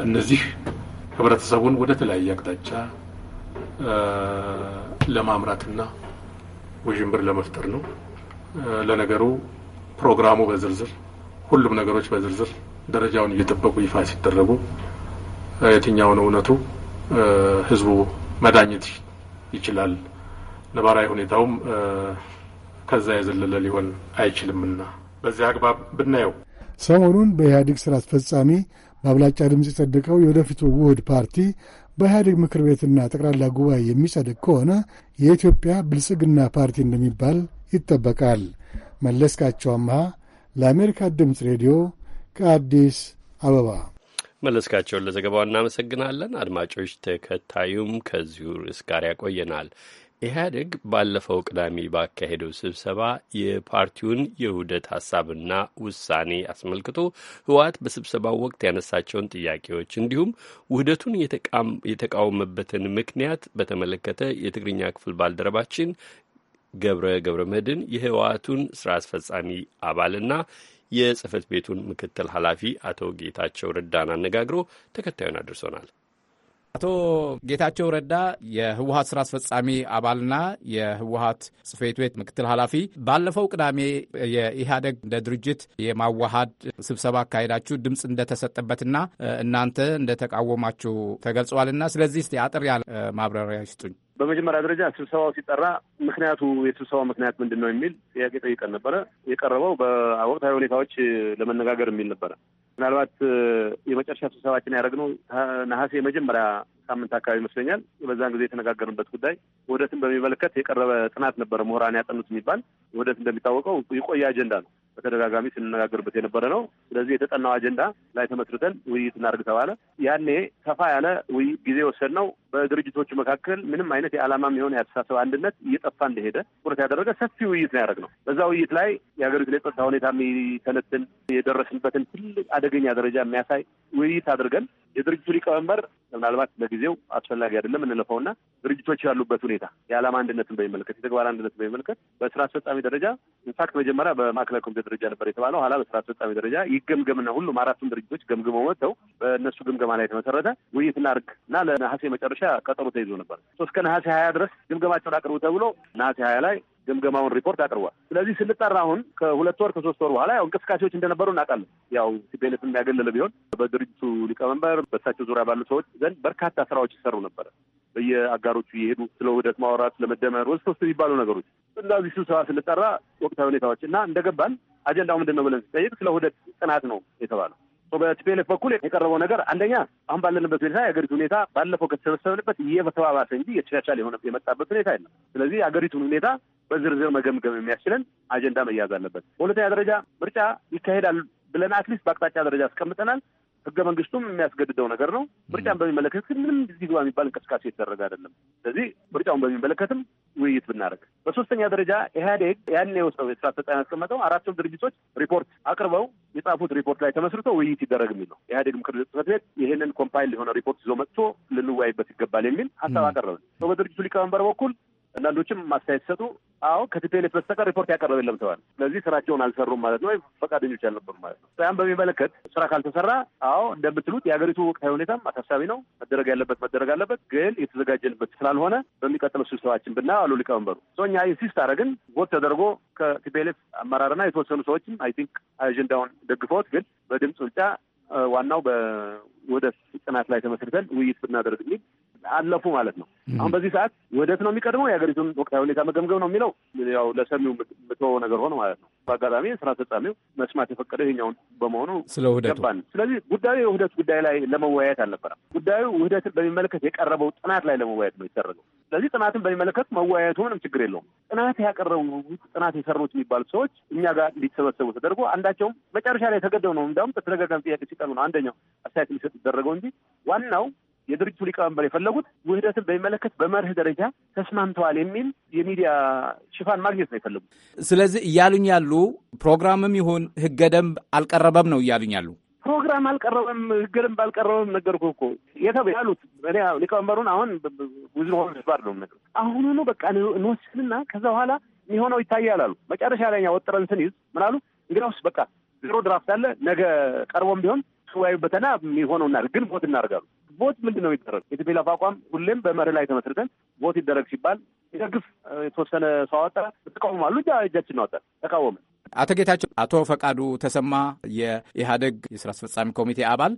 እነዚህ ህብረተሰቡን ወደ ተለያየ አቅጣጫ ለማምራትና ውዥንብር ለመፍጠር ነው። ለነገሩ ፕሮግራሙ በዝርዝር ሁሉም ነገሮች በዝርዝር ደረጃውን እየጠበቁ ይፋ ሲደረጉ የትኛውን እውነቱ ህዝቡ መዳኘት ይችላል። ነባራዊ ሁኔታውም ከዛ የዘለለ ሊሆን አይችልምና በዚህ አግባብ ብናየው
ሰሞኑን በኢህአዴግ ስራ አስፈጻሚ በአብላጫ ድምፅ የጸደቀው የወደፊቱ ውህድ ፓርቲ በኢህአዴግ ምክር ቤትና ጠቅላላ ጉባኤ የሚጸድቅ ከሆነ የኢትዮጵያ ብልጽግና ፓርቲ እንደሚባል ይጠበቃል። መለስካቸው አምሃ ለአሜሪካ ድምፅ ሬዲዮ ከአዲስ አበባ
መለስካቸውን ለዘገባው እናመሰግናለን። አድማጮች፣ ተከታዩም ከዚሁ ርዕስ ጋር ያቆየናል። ኢህአዴግ ባለፈው ቅዳሜ ባካሄደው ስብሰባ የፓርቲውን የውህደት ሀሳብና ውሳኔ አስመልክቶ ህወሓት በስብሰባው ወቅት ያነሳቸውን ጥያቄዎች እንዲሁም ውህደቱን የተቃወመበትን ምክንያት በተመለከተ የትግርኛ ክፍል ባልደረባችን ገብረ ገብረ መድን የህወሓቱን ስራ አስፈጻሚ አባልና የጽህፈት ቤቱን ምክትል ኃላፊ አቶ ጌታቸው ረዳን አነጋግሮ ተከታዩን አድርሶናል።
አቶ ጌታቸው ረዳ የህወሀት ስራ አስፈጻሚ አባልና የህወሀት ጽህፈት ቤት ምክትል ኃላፊ፣ ባለፈው ቅዳሜ የኢህአደግ እንደ ድርጅት የማዋሃድ ስብሰባ አካሄዳችሁ ድምፅ እንደተሰጠበትና እናንተ እንደተቃወማችሁ ተገልጸዋልና ስለዚህ እስቲ አጥር ያለ ማብራሪያ ይስጡኝ።
በመጀመሪያ ደረጃ ስብሰባው ሲጠራ ምክንያቱ የስብሰባው ምክንያት ምንድን ነው የሚል ጥያቄ ጠይቀን ነበረ። የቀረበው በወቅታዊ ሁኔታዎች ለመነጋገር የሚል ነበረ። ምናልባት የመጨረሻ ስብሰባችን ያደረግነው ነሐሴ የመጀመሪያ ሳምንት አካባቢ ይመስለኛል። በዛን ጊዜ የተነጋገርንበት ጉዳይ ውህደትን በሚመለከት የቀረበ ጥናት ነበረ፣ ምሁራን ያጠኑት የሚባል ውህደት እንደሚታወቀው የቆየ አጀንዳ ነው። በተደጋጋሚ ስንነጋገርበት የነበረ ነው። ስለዚህ የተጠናው አጀንዳ ላይ ተመስርተን ውይይት እናደርግ ተባለ። ያኔ ሰፋ ያለ ውይይት ጊዜ ወሰድ ነው። በድርጅቶቹ መካከል ምንም አይነት የዓላማም የሆነ የአስተሳሰብ አንድነት እየጠፋ እንደሄደ ትኩረት ያደረገ ሰፊ ውይይት ነው ያደረግነው። በዛ ውይይት ላይ የሀገሪቱን የጸጥታ ሁኔታ የሚተነትን የደረስንበትን ትልቅ አደገኛ ደረጃ የሚያሳይ ውይይት አድርገን የድርጅቱ ሊቀመንበር ምናልባት ለጊዜው አስፈላጊ አይደለም እንለፈውና ድርጅቶች ያሉበት ሁኔታ የዓላማ አንድነትን በሚመለከት የተግባር አንድነትን በሚመለከት በስራ አስፈጻሚ ደረጃ ኢንፋክት መጀመሪያ በማዕከላዊ ኮሚቴ ደረጃ ነበር የተባለው። ኋላ በስራ አስፈጻሚ ደረጃ ይገምገምና ሁሉም አራቱም ድርጅቶች ገምግመው መጥተው በእነሱ ግምገማ ላይ የተመሰረተ ውይይት እናድርግ እና ለነሐሴ መጨረሻ ቀጠሮ ተይዞ ነበር። እስከ ነሐሴ ሀያ ድረስ ግምገማቸውን አቅርቡ ተብሎ ነሐሴ ሀያ ላይ ግምገማውን ሪፖርት አቅርቧል። ስለዚህ ስንጠራ አሁን ከሁለት ወር ከሶስት ወር በኋላ ያው እንቅስቃሴዎች እንደነበሩ እናውቃለን። ያው ሲቤነት የሚያገለለ ቢሆን በድርጅቱ ሊቀመንበር በእሳቸው ዙሪያ ባሉ ሰዎች ዘንድ በርካታ ስራዎች ይሰሩ ነበረ። በየአጋሮቹ እየሄዱ ስለ ውህደት ማውራት፣ ለመደመር ወስ ሶስት የሚባሉ ነገሮች እንደዚህ ስብሰባ ስንጠራ ወቅታዊ ሁኔታዎች እና እንደገባን አጀንዳው ምንድን ነው ብለን ስጠይቅ ስለ ውህደት ጥናት ነው የተባለው። በቲፒኤልኤፍ በኩል የቀረበው ነገር አንደኛ አሁን ባለንበት ሁኔታ የአገሪቱ ሁኔታ ባለፈው ከተሰበሰብንበት እየተባባሰ እንጂ የተሻሻለ የሆነ የመጣበት ሁኔታ የለም። ስለዚህ የአገሪቱን ሁኔታ በዝርዝር መገምገም የሚያስችለን አጀንዳ መያዝ አለበት። በሁለተኛ ደረጃ ምርጫ ይካሄዳል ብለን አትሊስት በአቅጣጫ ደረጃ አስቀምጠናል። ህገ መንግስቱም የሚያስገድደው ነገር ነው። ምርጫን በሚመለከት ግን ምንም እዚህ ግባ የሚባል እንቅስቃሴ የተደረገ አይደለም። ስለዚህ ምርጫውን በሚመለከትም ውይይት ብናደርግ፣ በሶስተኛ ደረጃ ኢህአዴግ ያን የወሰው የስራ አስፈጻሚ ያስቀመጠው አራቱም ድርጅቶች ሪፖርት አቅርበው የጻፉት ሪፖርት ላይ ተመስርቶ ውይይት ይደረግ የሚል ነው። ኢህአዴግ ምክር ጽሕፈት ቤት ይህንን ኮምፓይል የሆነ ሪፖርት ይዞ መጥቶ ልንወያይበት ይገባል የሚል ሀሳብ አቀረብን። በድርጅቱ ሊቀመንበር በኩል አንዳንዶችም ማስተያየት ሲሰጡ አዎ ከቲፒኤልኤፍ በስተቀር ሪፖርት ያቀረበ የለም ተባለ። ስለዚህ ስራቸውን አልሰሩም ማለት ነው፣ ፈቃደኞች አልነበሩም ማለት ነው። ያን በሚመለከት ስራ ካልተሰራ አዎ እንደምትሉት የሀገሪቱ ወቅታዊ ሁኔታም አሳሳቢ ነው፣ መደረግ ያለበት መደረግ አለበት። ግን የተዘጋጀንበት ስላልሆነ በሚቀጥለው ስብሰባችን ብና አሉ ሊቀመንበሩ። እኛ ኢንሲስት አደረግን፣ ቦት ተደርጎ ከቲፒኤልኤፍ አመራርና የተወሰኑ ሰዎችም አይ ቲንክ አጀንዳውን ደግፈውት ግን በድምፅ ብልጫ ዋናው በወደ ጥናት ላይ ተመስርተን ውይይት ብናደርግ የሚል አለፉ ማለት ነው። አሁን በዚህ ሰዓት ውህደት ነው የሚቀድመው የሀገሪቱን ወቅታዊ ሁኔታ መገምገም ነው የሚለው ያው ለሰሚው ምቶ ነገር ሆነ ማለት ነው። በአጋጣሚ ስራ አስፈጻሚው መስማት የፈቀደ ይኸኛውን በመሆኑ ስለ ውህደቱ ስለዚህ ጉዳዩ የውህደት ጉዳይ ላይ ለመወያየት አልነበረም። ጉዳዩ ውህደትን በሚመለከት የቀረበው ጥናት ላይ ለመወያየት ነው የተደረገው። ስለዚህ ጥናትን በሚመለከት መወያየቱ ምንም ችግር የለውም። ጥናት ያቀረቡት ጥናት የሰሩት የሚባሉት ሰዎች እኛ ጋር እንዲሰበሰቡ ተደርጎ አንዳቸውም መጨረሻ ላይ ተገደው ነው እንዲሁም በተደጋጋሚ ጥያቄ ሲቀሉ ነው አንደኛው አስተያየት ሊሰጥ ይደረገው እንጂ ዋናው የድርጅቱ ሊቀመንበር የፈለጉት ውህደትን በሚመለከት በመርህ ደረጃ
ተስማምተዋል የሚል የሚዲያ ሽፋን ማግኘት ነው የፈለጉት። ስለዚህ እያሉኝ ያሉ ፕሮግራምም ይሁን ህገ ደንብ አልቀረበም ነው እያሉኝ ያሉ
ፕሮግራም አልቀረበም፣ ህገ ደንብ አልቀረበም። ነገርኩህ እኮ ያሉት እኔ ሊቀመንበሩን አሁን ብዙ ሆኑ ስባር ነው ነገር አሁኑኑ በቃ እንወስንና ከዛ በኋላ የሚሆነው ይታያል አሉ። መጨረሻ ላይ ወጥረን ስንይዝ ምን አሉ? እንግዲያውስ በቃ ዜሮ ድራፍት አለ ነገ ቀርቦም ቢሆን ተወያዩበትና የሚሆነው ግን ቦት እናደርጋሉ። ቮት ምንድን ነው የሚደረግ? የቲፒኤልኤፍ አቋም ሁሌም በመርህ ላይ ተመስርተን ቮት ይደረግ ሲባል ይደግፍ የተወሰነ ሰው አወጣ፣ ተቃውሞ እ እጃችን አወጣ፣ ተቃወምን።
አቶ ጌታቸው፣ አቶ ፈቃዱ ተሰማ የኢህአደግ የስራ አስፈጻሚ ኮሚቴ አባል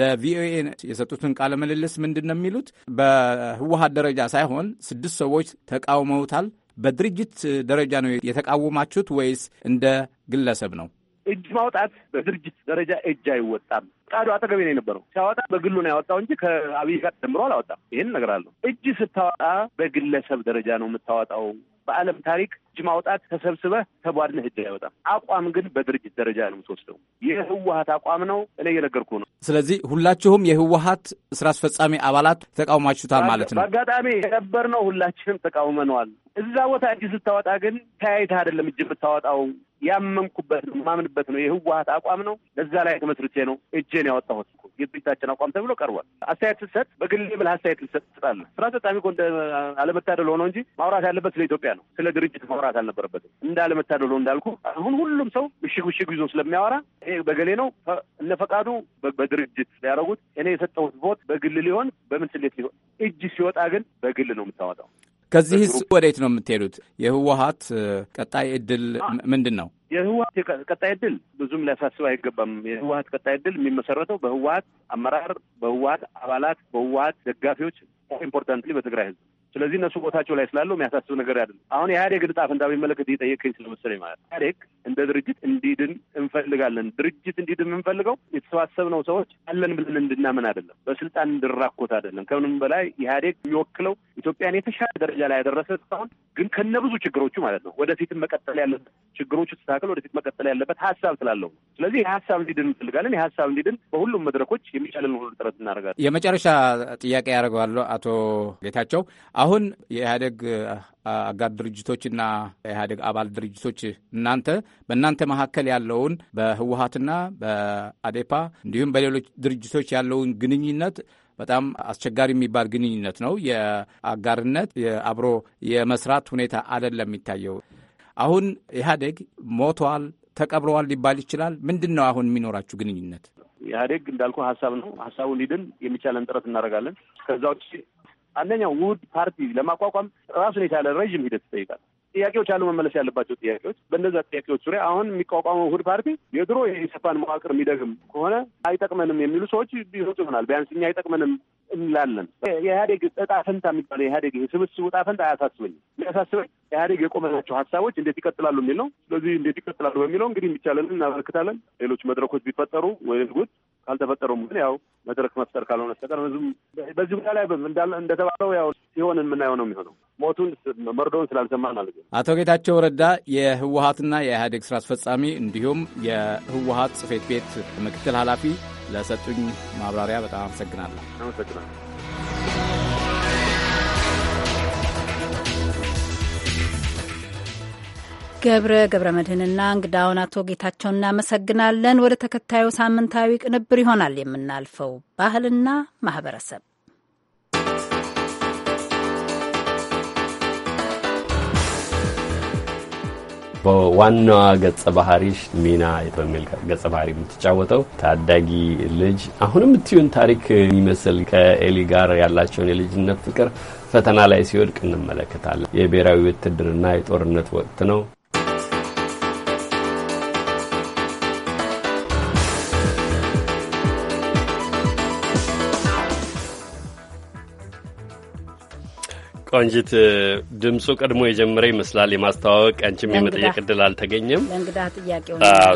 ለቪኦኤ የሰጡትን ቃለ ምልልስ ምንድን ነው የሚሉት? በህወሀት ደረጃ ሳይሆን ስድስት ሰዎች ተቃውመውታል። በድርጅት ደረጃ ነው የተቃወማችሁት ወይስ እንደ ግለሰብ ነው?
እጅ ማውጣት በድርጅት ደረጃ እጅ አይወጣም። ቃዶ አጠገቤ ነው የነበረው። ሲያወጣ በግሉ ነው ያወጣው እንጂ ከአብይ ጋር ደምሮ አላወጣም። ይህን ነገር አለሁ። እጅ ስታወጣ በግለሰብ ደረጃ ነው የምታወጣው። በዓለም ታሪክ እጅ ማውጣት ተሰብስበህ ተቧድነህ እጅ አይወጣም። አቋም ግን በድርጅት ደረጃ ነው የምትወስደው። የህወሀት አቋም ነው እኔ እየነገርኩ ነው።
ስለዚህ ሁላችሁም የህወሀት ስራ አስፈጻሚ አባላት ተቃውማችሁታል ማለት ነው።
በአጋጣሚ የነበርነው ሁላችንም ተቃውመነዋል። እዛ ቦታ እጅ ስታወጣ ግን ተያይተህ አይደለም እጅ የምታወጣው። ያመንኩበት ነው የማምንበት ነው የህወሀት አቋም ነው። እዛ ላይ ተመስርቼ ነው እጅ ነው ያወጣሁት የድርጅታችን አቋም ተብሎ ቀርቧል። አስተያየት ስትሰጥ በግል ብል አስተያየት ልሰጥ ትሰጣለህ። ስራ አስፈጻሚ እኮ እንደ አለመታደል ሆኖ እንጂ ማውራት ያለበት ስለ ኢትዮጵያ ነው፣ ስለ ድርጅት ማውራት አልነበረበትም። እንደ አለመታደል ሆኖ እንዳልኩ አሁን ሁሉም ሰው ምሽግ ምሽግ ይዞ ስለሚያወራ ይሄ በገሌ ነው እነ ፈቃዱ በድርጅት ሊያደረጉት እኔ የሰጠሁት ቦት በግል ሊሆን በምን ስሌት ሊሆን እጅ ሲወጣ ግን በግል ነው የምታወጣው።
ከዚህስ ወዴት ነው የምትሄዱት? የህወሀት ቀጣይ እድል ምንድን ነው?
የህወሀት ቀጣይ እድል ብዙም ሊያሳስብ አይገባም። የህወሀት ቀጣይ እድል የሚመሰረተው በህወሀት አመራር፣ በህወሀት አባላት፣ በህወሀት ደጋፊዎች፣ ኢምፖርታንትሊ በትግራይ ህዝብ። ስለዚህ እነሱ ቦታቸው ላይ ስላለው የሚያሳስብ ነገር አይደለም። አሁን ኢህአዴግ ንጣፍ እንዳሚመለከት እየጠየቀኝ ስለመሰለኝ ማለት ኢህአዴግ እንደ ድርጅት እንዲድን እንፈልጋለን። ድርጅት እንዲድን የምንፈልገው የተሰባሰብነው ሰዎች አለን ብለን እንድናምን አይደለም። በስልጣን እንድራኮት አይደለም። ከምንም በላይ ኢህአዴግ የሚወክለው ኢትዮጵያን የተሻለ ደረጃ ላይ ያደረሰ እስካሁን ግን ከነብዙ ችግሮቹ ማለት ነው ወደፊትም መቀጠል ያለ ችግሮቹ ማስተካከል ወደፊት መቀጠል ያለበት ሀሳብ ስላለው ነው። ስለዚህ የሀሳብ እንዲድን እንፈልጋለን። የሀሳብ እንዲድን በሁሉም መድረኮች የሚቻለን ሁሉ ጥረት
እናደርጋለን።
የመጨረሻ ጥያቄ ያደርገዋለሁ አቶ ጌታቸው አሁን የኢህአዴግ አጋር ድርጅቶችና ኢህአዴግ አባል ድርጅቶች እናንተ በእናንተ መካከል ያለውን በህወሀትና በአዴፓ እንዲሁም በሌሎች ድርጅቶች ያለውን ግንኙነት በጣም አስቸጋሪ የሚባል ግንኙነት ነው። የአጋርነት የአብሮ የመስራት ሁኔታ አይደለም የሚታየው። አሁን ኢህአዴግ ሞቷል፣ ተቀብረዋል ሊባል ይችላል። ምንድን ነው አሁን የሚኖራችሁ ግንኙነት?
ኢህአዴግ እንዳልኩ ሀሳብ ነው። ሀሳቡ እንዲድን የሚቻለን ጥረት እናደርጋለን። ከዛ ውጭ አንደኛው ውህድ ፓርቲ ለማቋቋም ራሱን የቻለ ረዥም ሂደት ይጠይቃል። ጥያቄዎች አሉ፣ መመለስ ያለባቸው ጥያቄዎች። በእነዛ ጥያቄዎች ዙሪያ አሁን የሚቋቋመው ውህድ ፓርቲ የድሮ የኢሰፓን መዋቅር የሚደግም ከሆነ አይጠቅመንም የሚሉ ሰዎች ይወጡ ይሆናል። ቢያንስ እኛ አይጠቅመንም እንላለን። የኢህአዴግ እጣ ፈንታ የሚባለው የኢህአዴግ ስብስብ እጣ ፈንታ አያሳስበኝም። የሚያሳስበኝ ኢህአዴግ የቆመናቸው ሀሳቦች እንዴት ይቀጥላሉ የሚል ነው። ስለዚህ እንዴት ይቀጥላሉ በሚለው እንግዲህ የሚቻለንን እናበረክታለን። ሌሎች መድረኮች ቢፈጠሩ ወይ ጉድ ካልተፈጠሩም ግን ያው መድረክ መፍጠር ካልሆነ በስተቀር ህዝብ በዚህ ጉዳይ ላይ እንደተባለው ያው ሲሆን የምናየው ነው የሚሆነው። ሞቱን መርዶውን ስላልሰማ ማለት ነው።
አቶ ጌታቸው ረዳ የህወሀትና የኢህአዴግ ስራ አስፈጻሚ እንዲሁም የህወሀት ጽህፈት ቤት ምክትል ኃላፊ ለሰጡኝ ማብራሪያ በጣም አመሰግናለሁ። አመሰግናለሁ።
ገብረ ገብረ መድህንና እንግዳውን አቶ ጌታቸው እናመሰግናለን። ወደ ተከታዩ ሳምንታዊ ቅንብር ይሆናል የምናልፈው ባህልና ማህበረሰብ
በዋናዋ ገጸ ባህሪሽ ሚና በሚል ገጸ ባህሪ የምትጫወተው ታዳጊ ልጅ አሁንም እትዩን ታሪክ የሚመስል ከኤሊ ጋር ያላቸውን የልጅነት ፍቅር ፈተና ላይ ሲወድቅ እንመለከታለን። የብሔራዊ ውትድርና የጦርነት ወቅት ነው። ቆንጂት ድምፁ ቀድሞ የጀመረ ይመስላል የማስተዋወቅ አንቺም የመጠየቅ እድል አልተገኘም።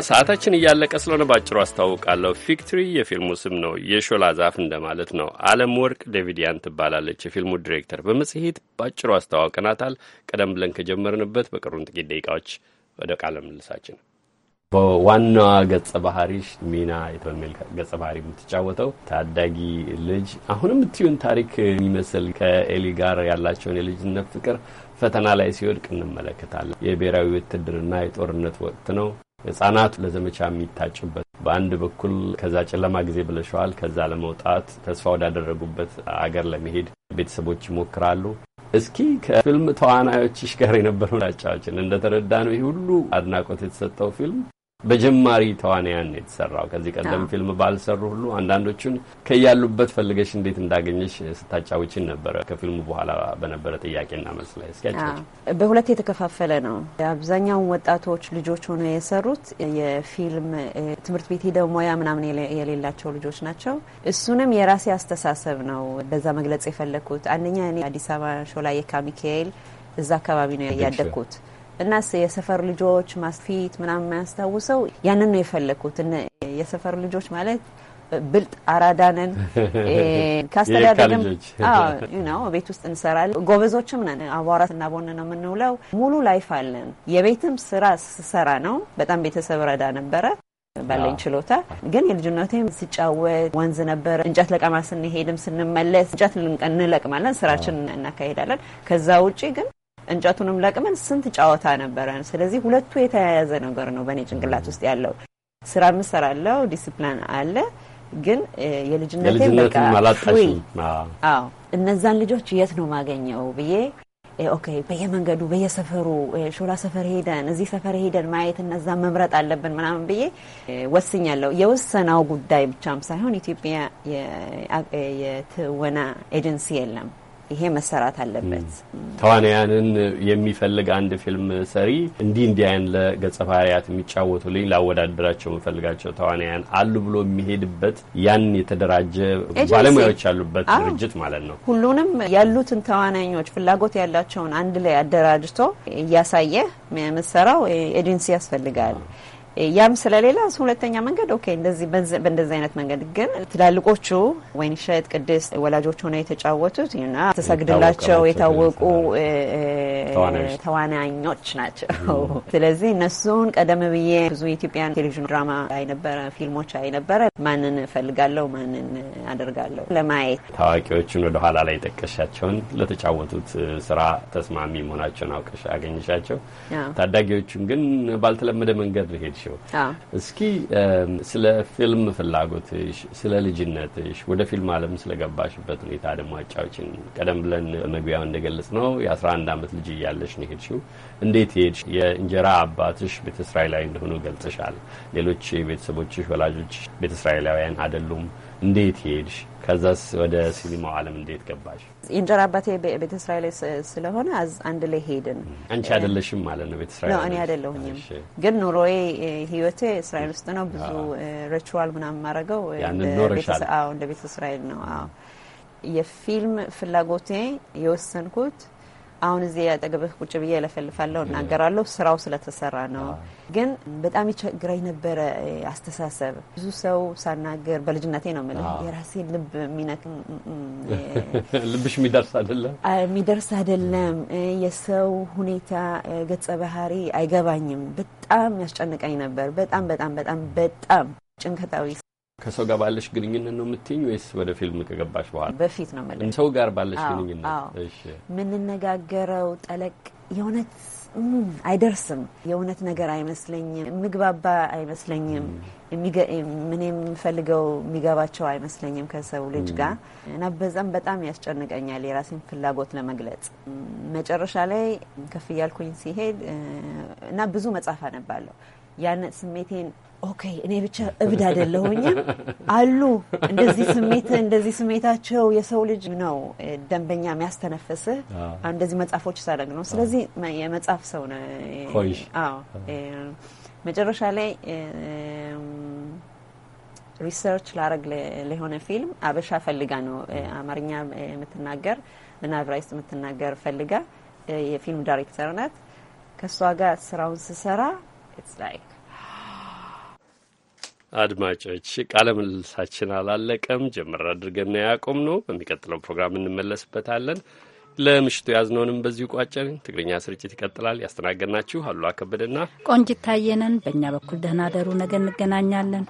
ሰዓታችን እያለቀ ስለሆነ ባጭሩ አስታውቃለሁ። ፊክትሪ የፊልሙ ስም ነው፣ የሾላ ዛፍ እንደማለት ነው። አለም ወርቅ ዴቪዲያን ትባላለች የፊልሙ ዲሬክተር። በመጽሔት ባጭሩ አስተዋውቀናታል። ቀደም ብለን ከጀመርንበት በቀሩን ጥቂት ደቂቃዎች ወደ ቃለ ምልልሳችን በዋናዋ ገጸ ባህሪሽ ሚና የተመል ገጸ ባህሪ የምትጫወተው ታዳጊ ልጅ አሁንም እትዩን ታሪክ የሚመስል ከኤሊ ጋር ያላቸውን የልጅነት ፍቅር ፈተና ላይ ሲወድቅ እንመለከታለን። የብሔራዊ ውትድርና የጦርነት ወቅት ነው። ህጻናቱ ለዘመቻ የሚታጭበት በአንድ በኩል ከዛ ጨለማ ጊዜ ብለሸዋል። ከዛ ለመውጣት ተስፋ ወዳደረጉበት አገር ለመሄድ ቤተሰቦች ይሞክራሉ። እስኪ ከፊልም ተዋናዮችሽ ጋር የነበረው አጫዋችን እንደተረዳ ነው ይህ ሁሉ አድናቆት የተሰጠው ፊልም በጀማሪ ተዋንያን የተሰራው ከዚህ ቀደም ፊልም ባልሰሩ ሁሉ አንዳንዶቹን ከያሉበት ፈልገሽ እንዴት እንዳገኘሽ ስታጫውችን ነበረ። ከፊልሙ በኋላ በነበረ ጥያቄና መልስ ላይ
በሁለት የተከፋፈለ ነው። አብዛኛውን ወጣቶች ልጆች ሆነው የሰሩት የፊልም ትምህርት ቤት ሄደው ሙያ ምናምን የሌላቸው ልጆች ናቸው። እሱንም የራሴ አስተሳሰብ ነው በዛ መግለጽ የፈለግኩት። አንደኛ እኔ አዲስ አበባ ሾላ የካሚካኤል እዛ አካባቢ ነው ያደግኩት እና የሰፈር ልጆች ማስፊት ምናምን የማያስታውሰው ያንን ነው የፈለግኩት። የሰፈር ልጆች ማለት ብልጥ አራዳንን [LAUGHS] ከአስተዳደግም ቤት ውስጥ እንሰራለን፣ ጎበዞችም ነን። አቧራ ስናቦን ነው የምንውለው። ሙሉ ላይፍ አለን። የቤትም ስራ ስሰራ ነው። በጣም ቤተሰብ ረዳ ነበረ ባለኝ ችሎታ። ግን የልጅነቴም ስጫወት ወንዝ ነበር እንጨት ለቀማ ስንሄድም ስንመለስ እንጨት እንለቅማለን፣ ስራችን እናካሄዳለን። ከዛ ውጪ ግን እንጨቱንም ለቅመን ስንት ጨዋታ ነበረን። ስለዚህ ሁለቱ የተያያዘ ነገር ነው በእኔ ጭንቅላት ውስጥ ያለው። ስራ ምሰራለው፣ ዲስፕላን አለ ግን የልጅነቴን በቃ እነዛን ልጆች የት ነው ማገኘው ብዬ ኦኬ፣ በየመንገዱ በየሰፈሩ ሾላ ሰፈር ሄደን እዚህ ሰፈር ሄደን ማየት እነዛ መምረጥ አለብን ምናምን ብዬ ወስኛለሁ። የወሰናው ጉዳይ ብቻም ሳይሆን ኢትዮጵያ የትወና ኤጀንሲ የለም ይሄ መሰራት አለበት።
ተዋናያንን የሚፈልግ አንድ ፊልም ሰሪ እንዲህ እንዲህ አይን ለገጸ ባህርያት የሚጫወቱልኝ ላወዳደራቸው የምፈልጋቸው ተዋናያን አሉ ብሎ የሚሄድበት ያን የተደራጀ ባለሙያዎች ያሉበት ድርጅት ማለት ነው።
ሁሉንም ያሉትን ተዋናኞች ፍላጎት ያላቸውን አንድ ላይ አደራጅቶ እያሳየ የምትሰራው ኤጀንሲ ያስፈልጋል። ያም ስለሌላ እሱ ሁለተኛ መንገድ ኦኬ፣ እንደዚህ በእንደዚህ አይነት መንገድ ግን ትላልቆቹ ወይንሸት፣ ቅድስት ወላጆች ሆነው የተጫወቱት እና ተሰግድላቸው የታወቁ ተዋናኞች ናቸው። ስለዚህ እነሱን ቀደም ብዬ ብዙ የኢትዮጵያን ቴሌቪዥን ድራማ አይነበረ ፊልሞች አይነበረ ማንን እፈልጋለሁ ማንን አደርጋለሁ ለማየት
ታዋቂዎቹን ኋላ ላይ ጠቀሻቸውን ለተጫወቱት ስራ ተስማሚ መሆናቸውን አውቀሻ አገኘሻቸው። ታዳጊዎቹን ግን ባልተለመደ መንገድ ሄድ ያለሽው። እስኪ ስለ ፊልም ፍላጎትሽ፣ ስለ ልጅነትሽ፣ ወደ ፊልም አለም ስለገባሽበት ሁኔታ ደግሞ አጫዎችን። ቀደም ብለን መግቢያው እንደገለጽ ነው የ11 ዓመት ልጅ እያለሽ ነው ሄድሽው። እንዴት ሄድሽ? የእንጀራ አባትሽ ቤተ እስራኤላዊ እንደሆኑ ገልጽሻል። ሌሎች ቤተሰቦችሽ፣ ወላጆች ቤተ እስራኤላውያን አይደሉም። እንዴት ሄድሽ? ከዛስ ወደ ሲኒማው አለም እንዴት ገባሽ?
የእንጀራ አባቴ ቤተ እስራኤል ስለሆነ አንድ ላይ ሄድን። አንቺ አይደለሽም
ማለት ነው ቤተ እስራኤል? እኔ
አይደለሁኝም፣ ግን ኑሮዬ ህይወቴ እስራኤል ውስጥ ነው። ብዙ ሪቹዋል ምናምን ማድረገው እንደ ቤተ እስራኤል ነው። የፊልም ፍላጎቴ የወሰንኩት አሁን እዚህ ያጠገብህ ቁጭ ብዬ እለፈልፋለሁ፣ እናገራለሁ። ስራው ስለተሰራ ነው። ግን በጣም ይቸግረኝ ነበረ አስተሳሰብ። ብዙ ሰው ሳናገር በልጅነቴ ነው የምልህ የራሴ ልብ የሚነክ [LAUGHS]
ልብሽ የሚደርስ አይደለም
የሚደርስ አይደለም። የሰው ሁኔታ ገጸ ባህሪ አይገባኝም። በጣም ያስጨንቀኝ ነበር። በጣም በጣም በጣም በጣም ጭንቀታዊ
ከሰው ጋር ባለሽ ግንኙነት ነው የምትኝ ወይስ ወደ ፊልም ከገባሽ በኋላ? በፊት ነው መለ ሰው ጋር ባለሽ ግንኙነት
የምንነጋገረው ጠለቅ የእውነት አይደርስም። የእውነት ነገር አይመስለኝም። ምግባባ አይመስለኝም። ምን የምፈልገው የሚገባቸው አይመስለኝም ከሰው ልጅ ጋር እና በዛም በጣም ያስጨንቀኛል የራሴን ፍላጎት ለመግለጽ። መጨረሻ ላይ ከፍ እያልኩኝ ሲሄድ እና ብዙ መጽሐፍ አነባለሁ ያነ ስሜቴን ኦኬ እኔ ብቻ እብድ አይደለሁኝም አሉ። እንደዚህ ስሜት እንደዚህ ስሜታቸው የሰው ልጅ ነው ደንበኛ የሚያስተነፍስህ እንደዚህ መጽሐፎች ሳደግ ነው። ስለዚህ የመጽሐፍ ሰው ነው። መጨረሻ ላይ ሪሰርች ላረግ ለሆነ ፊልም አበሻ ፈልጋ ነው አማርኛ የምትናገር እና ብራይስጥ የምትናገር ፈልጋ የፊልም ዳይሬክተር ናት። ከእሷ ጋር ስራውን ስሰራ ኢትስ ላይክ
አድማጮች ቃለ ምልልሳችን አላለቀም። ጀምር አድርገን ያቆም ነው። በሚቀጥለው ፕሮግራም እንመለስበታለን። ለምሽቱ ያዝነውንም በዚሁ ቋጨን። ትግርኛ ስርጭት ይቀጥላል። ያስተናገድናችሁ አሉላ ከበደና
ቆንጅ ታየነን። በእኛ በኩል ደህና ደሩ። ነገ እንገናኛለን።